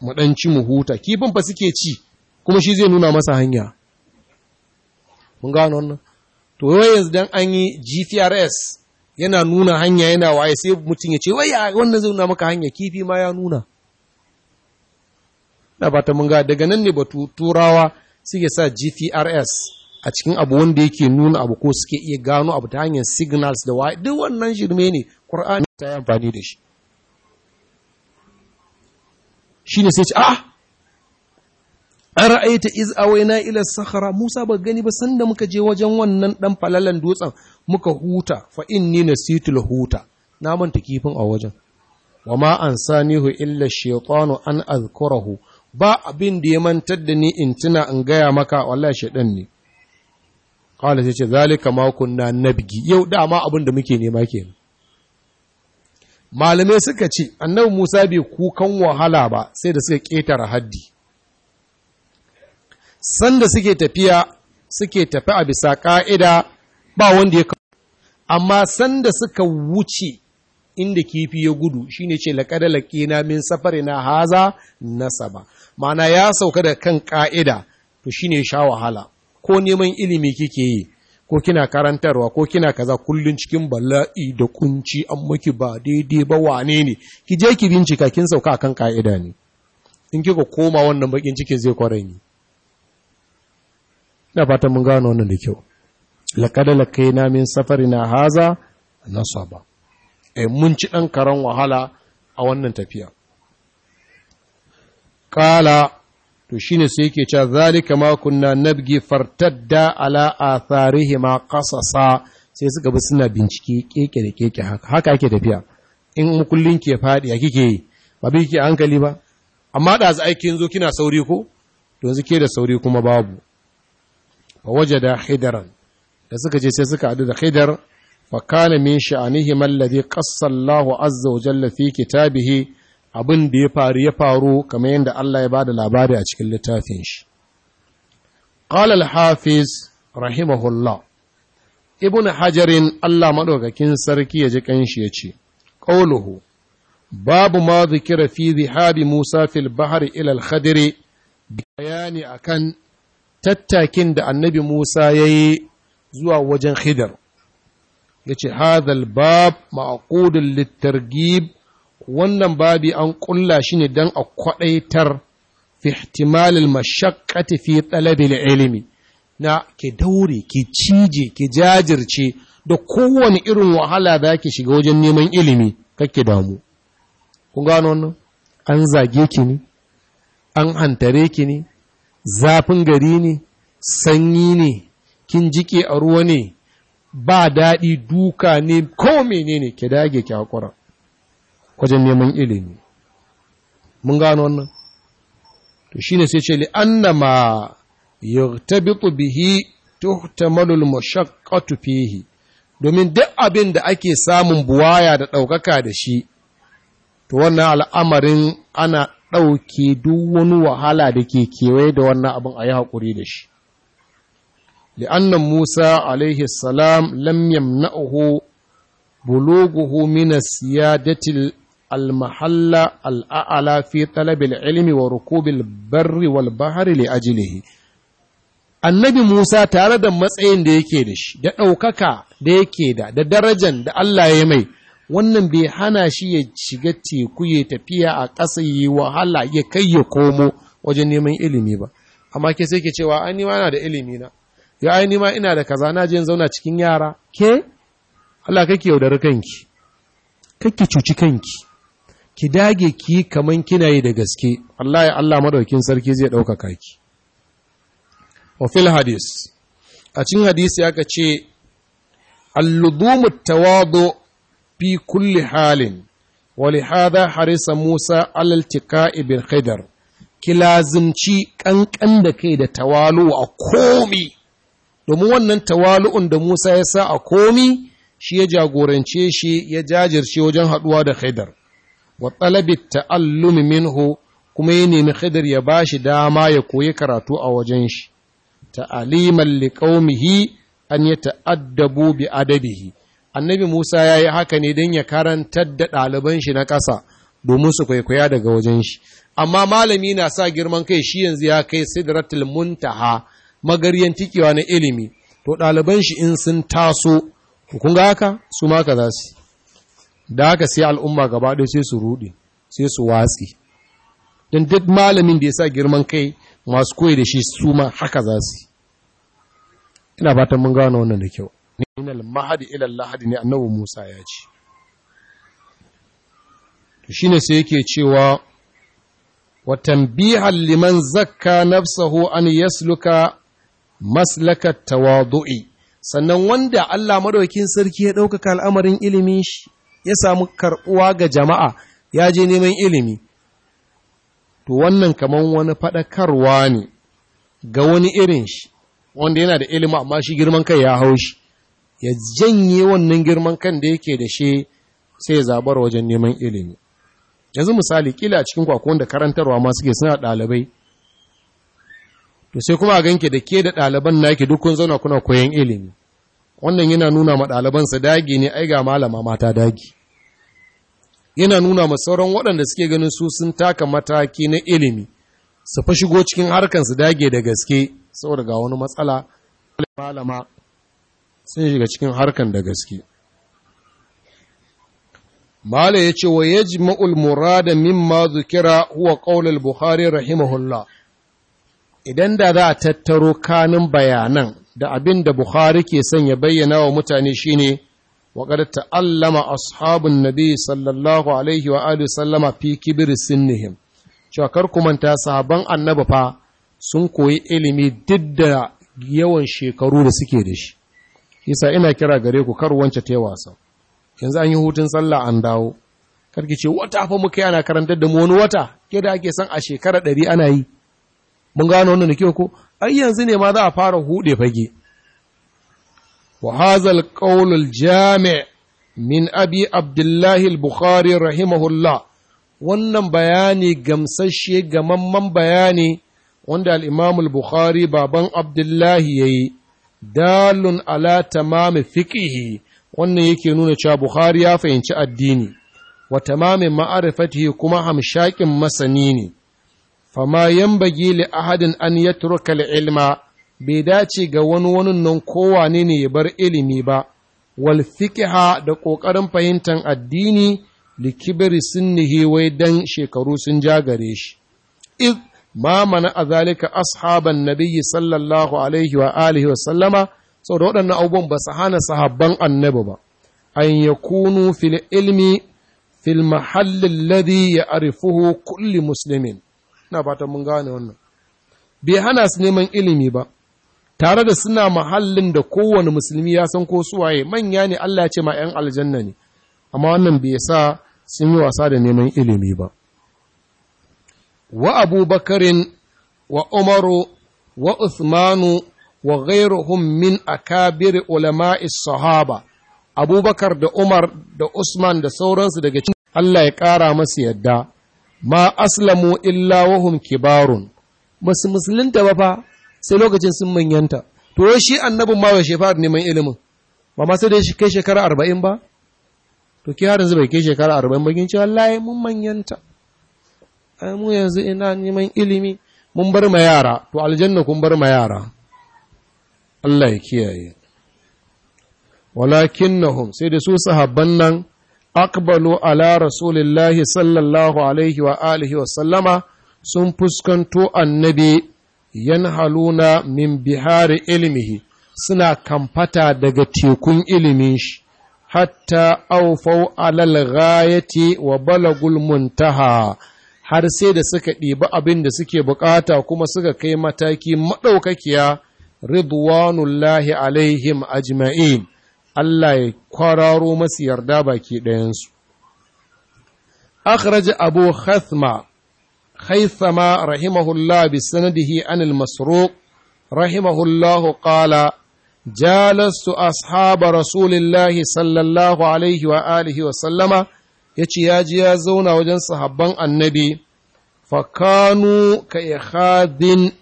mu ɗan mu huta kifin fa suke ci kuma shi zai nuna masa hanya mun gano wannan to yanzu dan an yi GPRS yana nuna hanya yana waye sai mutum ya ce wai wannan zai nuna maka hanya kifi ma ya nuna na ba ta mun ga daga nan ne batu turawa suke sa GPRS a cikin abu wanda yake nuna abu ko suke iya gano abu ta hanyar signals da waye duk wannan shirme ne Qur'ani ta yi amfani da shi shine sai ce a'a. Ah, an ra'aita iz awaina ila sakhara Musa ba gani ba sanda muka je wajen wannan dan falalan dutsen muka huta fa inni nasitul huta na manta kifin a wajen Wa wama ansanihu illa shaytanu an azkurahu ba abin da ya mantar da ni in tuna in gaya maka wallahi shaydan ne qala sai ce zalika ma kunna nabgi yau Da ma abin da muke nema kenan malamai suka ce annabi Musa bai kukan wahala ba sai da suka ketara haddi sanda suke tafiya suke tafi a bisa ƙa'ida ba wanda ya kawo. amma sanda suka wuce inda kifi ya gudu shine ce laƙada laƙina min safari na haza nasaba ma'ana ya sauka da kan ƙa'ida to shine sha wahala ko neman ilimi kike yi ko kina karantarwa ko kina kaza kullun cikin bala'i da kunci an maki ba daidai ba wane ne ki je ki bincika kin sauka kan ka'ida ne in kika koma wannan bakin cikin zai kwarai ne ina fatan mun gano wannan da kyau laqad laqayna min safarina haza nasaba eh mun ci ɗan karan wahala a wannan tafiya Ƙala to shine sai yake ca, zalika ma kunna nabgi fartadda ala ma qasasa sai suka bi suna bincike keke da keke haka haka ake tafiya in mukullin ke fadi ya kike yi ba bi hankali ba amma da za aikin zo kina sauri ko to yanzu da sauri kuma babu fa da hidaran da suka je sai suka haɗu da hidar fa kana shi sha'anihim alladhi qassa Allahu azza kitabihi abin da ya faru ya faru kamar yadda Allah ya bada labari a cikin littafin shi qala al-hafiz rahimahullah ibnu hajarin Allah madaukakin sarki ya ji kanshi ya ce qawluhu babu ma zikira fi zihabi Musa fil bahri ila al-khadri bayani akan tattakin da annabi Musa ya yi zuwa wajen Khidar. Ya ce, Hadal bab ma'aƙudin littargib, wannan babi an ƙulla shi ne don a kwaɗaitar fi ihtimalil mashakkati fi ilimi, na ke daure, ke cije, ke jajirce da kowane irin wahala da ke shiga wajen neman ilimi, kake damu. Ku gano wannan? An zage ki ne? An hantare ki ne? zafin gari ne sanyi ne kin jike a ruwa ne ba daɗi duka ne ko menene ki dage ki haƙura wajen neman ilimi mun gano wannan to shi ne sai ce li'annama yartabitu bihi tuhtamalul mashaqqatu fihi domin duk abin da ake samun buwaya da ɗaukaka da shi to wannan al'amarin ana ɗauke duk wani wahala da ke kewaye da wannan abin a yi haƙuri da shi. li'annan Musa alaihi salam na'uhu yamna'uhu buluguhu ya siyadatil almahalla al'a'ala fi talabil ilmi wa rukubil barri wal bahari li ajilihi. annabi Musa tare da matsayin da yake da shi da ɗaukaka da yake da da darajan da Allah ya mai wannan bai hana shi ya shiga teku ya tafiya a ƙasa ya wahala ya kai ya komo wajen neman ilimi ba amma ke sai ke cewa ai nima ina da ilimi na ya ai nima ina da kaza na je zauna cikin yara ke Allah kake yaudari kanki kake cuci kanki ki dage ki kaman kina yi da gaske wallahi Allah madaukin sarki zai ɗaukaka ki wa fil hadis a cikin hadisi aka ce al ludumut tawadu fi kulli halin ولهذا حرص موسى على التقاء بالخدر kilazimci ƙanƙan da kai da tawalu a komi domin wannan tawalu'un da Musa ya sa a komi shi ya jagorance shi ya jajirce wajen haɗuwa da Khidr wa talabi ta'allumi minhu kuma ya nemi Khidr ya shi dama ya koyi karatu a wajen shi ta'aliman liƙaumihi an ta'addabu bi adabihi annabi Musa ya yi haka ne don ya karantar da ɗaliban shi na ƙasa domin su kwaikwaya daga wajen shi amma malami na sa girman kai shi yanzu ya kai sidratul muntaha magaryan tikewa na ilimi to ɗaliban shi in sun taso kun ga haka su maka za su da haka sai al'umma gaba ɗaya sai su ruɗe sai su watsi don duk malamin da ya sa girman kai masu koyi da shi su ma haka za su ina fatan mun gano wannan da kyau min al-mahdi ila al-lahdi ne annabi Musa ya ce to shine sai yake cewa wa tanbihan liman zakka nafsahu an yasluka maslaka tawadu'i sannan wanda Allah madaukakin sarki ya ɗaukaka al'amarin ilimin shi ya samu karɓuwa ga jama'a ya je neman ilimi to wannan kaman wani faɗakarwa ne ga wani irin shi wanda yana da ilimi amma shi girman kai ya haushi. ya janye wannan girman kan da yake da shi sai ya zabar wajen neman ilimi yanzu misali kila a cikin kwakwan da karantarwa ma suke suna ɗalibai to sai kuma a ganke da ke da ɗaliban naki duk kun zauna kuna koyon ilimi wannan yana nuna ma ɗalibansa dagi ne ai ga malama mata dagi yana nuna ma sauran waɗanda suke ganin su sun taka mataki na ilimi su fa shigo cikin harkar su dage da gaske saboda ga wani matsala malama sun shiga cikin harkan da gaske mala ya ce wa yajma'ul murada mimma zukira wa ƙaunar buhari rahimahullah idan da za a tattaro kanin bayanan da abin da bukhari ke son ya bayyana wa mutane shi ne, waƙar ta'allama ashabun nabi sallallahu alaihi wa alihi sallama fi kibir sinihim, cewa kar ku manta sahaban annabi fa sun koyi ilimi duk da yawan shekaru da suke da shi yasa ina kira gare ku kar wance ta wasa yanzu an yi hutun sallah an dawo karki ce wata fa muka yana karantar da mu wani wata ke da ake san a shekara ɗari ana yi mun gano wannan da ko ai yanzu ne ma za a fara hude fage wa hazal qaulul jami' min abi abdullahi al-bukhari rahimahullah wannan bayani gamsasshe gamamman bayani wanda al-imam bukhari baban abdullahi yayi dalun ala tamami fiqihi wannan yake nuna cewa Bukhari ya fahimci addini wa tamami ma'arifatihi kuma Hamshaƙin masani ne fama yambagi li ahadin an yatruka ilma bai dace ga wani wani nan kowa ne ne ya bar ilimi ba wal fiqha da ƙoƙarin fahimtar addini likibiri sunnihi wai dan shekaru sun jagare shi ma mana a zalika ashaban nabiyyi sallallahu alaihi wa alihi wa sallama sau da waɗannan abubuwan ba su hana sahabban annabi ba an ya kunu fil ilmi fil mahallin ladhi ya arifuhu kulli muslimin na fatan mun gane wannan bai hana su neman ilimi ba tare da suna mahallin da kowane musulmi ya san ko suwaye manya ne Allah ya ce ma 'yan aljanna ne amma wannan bai sa sun yi wasa da neman ilimi ba wa Abu wa Umaru wa Usmanu wa ghairuhum min ulama ulama'i sahaba Abubakar da Umar da Usman da sauransu daga cikin Allah ya ƙara masu yadda ma aslamu illa wahum kibarun ba su musulunta ba fa sai lokacin sun manyanta to shi annabin ma yaushe fara neman ilimin ba ma sai dai kai shekara arba'in ba to ke harin zuba kai shekara arba'in ba kin ce wallahi mun manyanta ai mu yanzu ina neman ilimi mun bar ma yara to aljanna kun bar ma yara Allah ya kiyaye walakinnahum sai da su sahabban nan aqbalu ala rasulillahi sallallahu alaihi wa alihi wa sallama sun fuskanto annabi yanhaluna min bihari ilmihi suna kamfata daga tekun ilimin shi hatta aufau alal ghayati wa balagul muntaha har sai da suka ɗiba abin da suke bukata kuma suka kai mataki maɗaukakiya lahi alaihim ajma'in Allah ya kwararo masu yarda baki ɗayansu. Akraja Abu Khathma Haithama rahimahullah bi sanadihi anil masruq rahimahullahu qala jalastu ashaba rasulillahi sallallahu alaihi wa alihi wa sallama ya ce ya ji ya zauna wajen sahabban annabi fakanu ka ihadin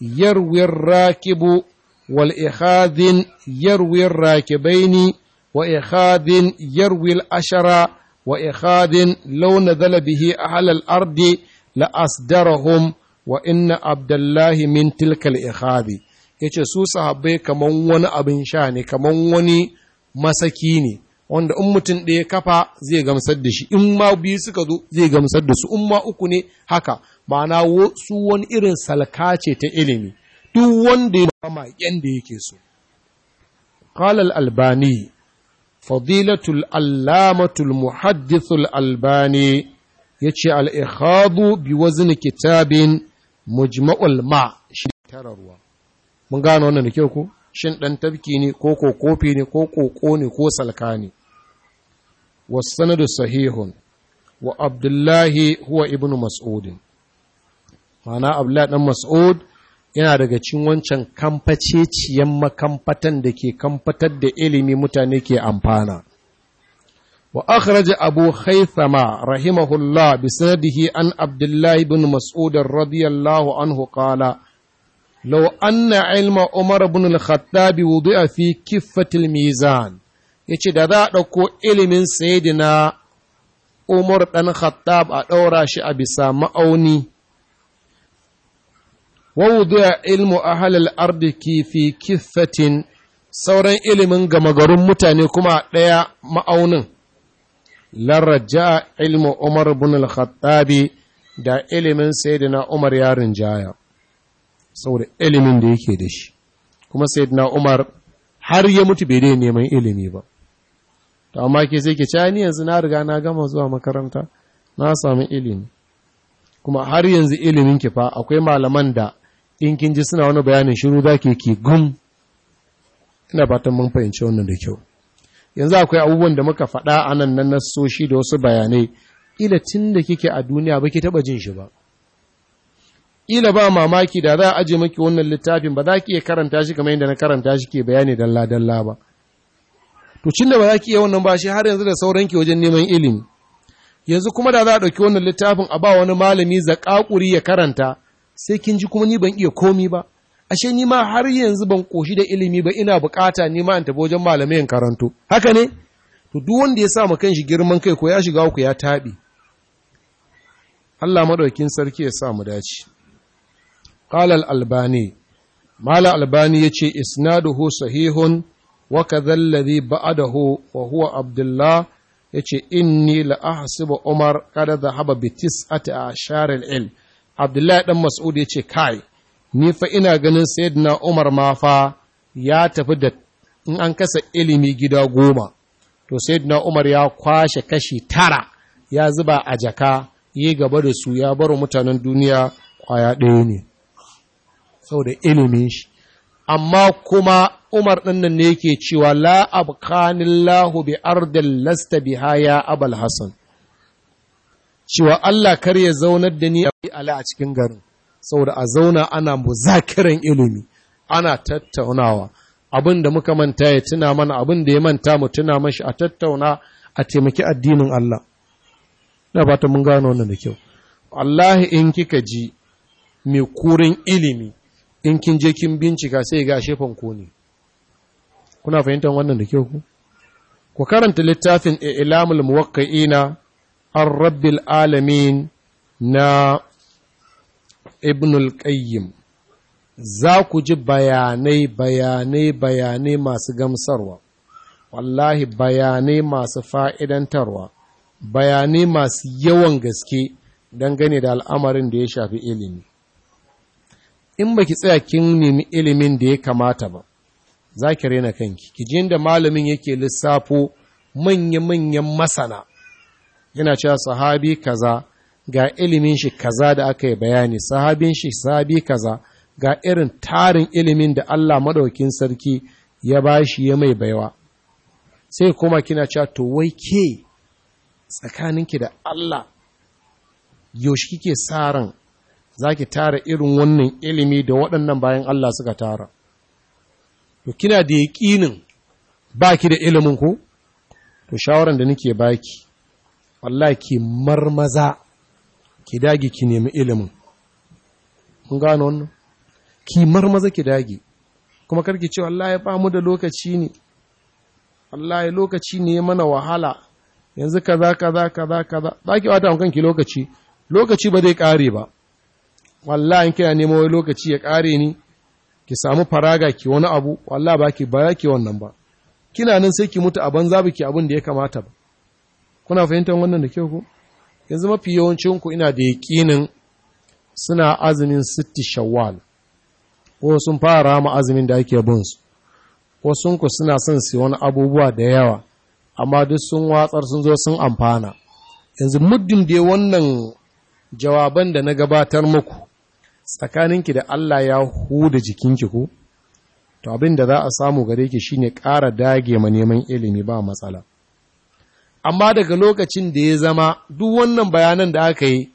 yarwin rakibu wal ihadin yarwin rakibaini wa ihadin yarwil ashara wa ihadin launa zalabihi a halal ardi la'asdarahum wa inna abdullahi min tilkal ihadi ya ce su sahabbai kaman wani abin sha ne kaman wani masaki ne wanda in mutum ɗaya kafa zai gamsar da shi in ma biyu suka zo zai gamsar da su in ma uku ne haka ma'ana su wani irin salka ce ta ilimi duk wanda ya kama da yake so Qalal albani fadilatul allamatul muhaddithul albani yace al-ikhadu bi wazn kitabin mujma'ul ma shi tararwa mun gano wannan da kyau ko shin ɗan tabki ne ko ko kofi ne ko koko ne ko salka ne والسند صحيح وعبد الله هو ابن مسعود معنى عبد الله بن مسعود yana daga cikin wancan kamfaceciyen makamfatan da ke kamfatar da ilimi mutane ke amfana wa akhraja abu khaythama rahimahullah bi sanadihi an abdullahi ibn mas'ud radiyallahu anhu qala law anna ilma umar ibn al-khattab wudi'a fi kiffatil mizan ya ce da za a ɗauko ilimin sayidina umar ɗan khattab a ɗaura shi a bisa ma'auni wawuduwa ilmu a halal arziki fi kifatin sauran ilimin gama garin mutane kuma ɗaya ma'aunin larraja ilmu umar bin al-khattabi da ilimin sayidina umar yarin jaya saboda ilimin da yake da shi kuma sayidina umar har ya mutu bai dai neman ilimi ba to amma ke sai ke ci ni yanzu na riga na gama zuwa makaranta na samu ilimi kuma har yanzu ilimin ki fa akwai malaman da in kin ji suna wani bayanin shiru za ki gum ina fatan mun fahimci wannan da kyau yanzu akwai abubuwan da muka faɗa a nan nan nasoshi da wasu bayanai ila tun da kike a duniya ba ki taɓa jin shi ba ila ba mamaki da za a aje maki wannan littafin ba za ki iya karanta shi kamar yadda na karanta shi ke bayani dalla dalla ba to cin da ba za ki iya wannan ba shi har yanzu da sauran ki wajen neman ilimi yanzu kuma da za a ɗauki wannan littafin a ba wani malami zaƙaƙuri ya karanta sai kin ji kuma ni ban iya komi ba ashe ni ma har yanzu ban koshi da ilimi ba ina buƙata ni ma in tafi wajen malamai karanto haka ne to duk wanda ya sa ma kanshi girman kai ko ya shiga ku ya taɓi Allah madaukin sarki ya sa mu dace qala al-albani mala albani yace isnaduhu sahihun wa kadhallazi ba'adahu wa huwa abdullah yace inni la ahsibu umar kada dhahaba bi tis'ati ashar al-ilm abdullahi dan mas'ud yace kai ni fa ina ganin sayyidina umar ma fa ya tafi da in an kasa ilimi gida goma to sayyidina umar ya kwashe kashi tara ya zuba a jaka yi gaba da su ya bar mutanen duniya kwaya ɗaya ne saboda ilimin shi amma kuma Umar ɗin nan ne yake cewa la abkanillahu bi ardil lasta biha ya abal hasan cewa Allah kar ya zaunar da ni ala a cikin garin saboda a zauna ana muzakiran ilimi ana tattaunawa abin da muka manta ya tuna mana abin da ya manta mu tuna mashi a tattauna a taimaki addinin Allah na fata mun gano wannan da kyau wallahi in kika ji mai kurin ilimi in kin je kin bincika sai ga shefan ko ne kuna fahimtar wannan da kyau ku ku karanta littafin ilamul muwaqqi'ina ar rabbil alamin na ibnul qayyim za ku ji bayanai bayanai bayanai masu gamsarwa wallahi bayanai masu fa'idantarwa bayanai masu yawan gaske dangane da al'amarin da ya shafi ilimi in baki tsaya kin nemi ilimin da ya kamata ba za ki rena kanki ki ji da malamin yake lissafo manya-manyan masana yana cewa sahabi kaza ga ilimin shi kaza da aka yi bayani sahabin shi sahabi kaza ga irin tarin ilimin da Allah madaukin sarki ya bashi ya mai baiwa sai kuma kina cewa to wai ke tsakaninki da Allah yaushe kike sa ran ki tara irin wannan ilimi da waɗannan bayan Allah suka tara to kina da yaƙinin ki da ilimin ku to shawaran da nake baki wallahi ki marmaza ki dage ki nemi ilimin kun gano wannan ki marmaza ki dage kuma karki ce wallahi ba mu da lokaci ne wallahi lokaci ne mana wahala yanzu kaza kaza kaza kaza baki wata kan ki lokaci lokaci ba zai kare ba wallahi kina nemo lokaci ya kare ni ki samu faraga ki wani abu wallah ba ki ba ki wannan ba kina nan sai ki mutu a banza biki abin da ya kamata ba kuna fahimtar wannan da kyau ko yanzu mafi yawancin ku ina da ƙinin suna azumin sitti shawwal ko sun fara ma azumin da ake bin su sun ku suna son su wani abubuwa da yawa amma duk sun watsar sun zo sun amfana yanzu muddin da wannan jawaban da na gabatar muku tsakaninki da Allah ya huda jikinki ko to abin da za a samu gare ki shine ƙara dage ma neman ilimi ba matsala amma daga lokacin da ya zama duk wannan bayanan da aka yi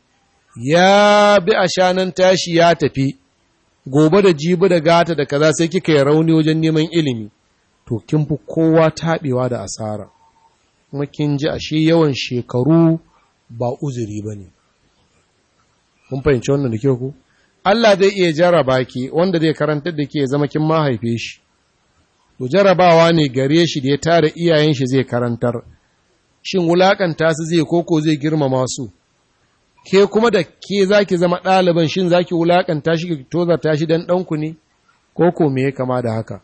ya bi a shanan tashi ya tafi gobe da jibi da gata da kaza sai kika yi rauni wajen neman ilimi to kin fi kowa taɓewa da asara kuma kin ji ashe yawan shekaru ba uzuri ba ne mun fahimci wannan da ke ku Allah zai iya jarraba ki wanda zai karanta da ke ya zama kin mahaife shi to jarrabawa ne gare shi da ya tara iyayen shi zai karantar shin wulakanta su zai koko zai girmama su ke kuma da ke zaki zama ɗaliban shin ki wulakanta shi ki tozata shi dan ɗanku ne koko me ya kama da haka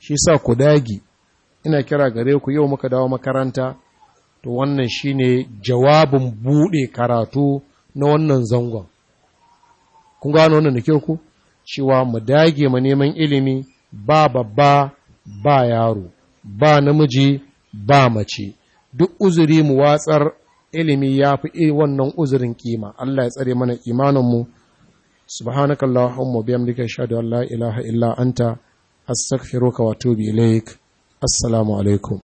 shi sa ku dagi ina kira gare ku yau muka dawo makaranta to wannan shine jawabin buɗe karatu na wannan zangon kun gano wannan da kyau ku cewa mu dage mu neman ilimi ba babba ba yaro ba namiji ba mace duk uzuri mu watsar ilimi ya fi wannan uzurin kima Allah ya tsare mana imaninmu subhanaka allahumma bihamdika ashhadu an la ilaha illa anta astaghfiruka wa atubu ilaik assalamu alaikum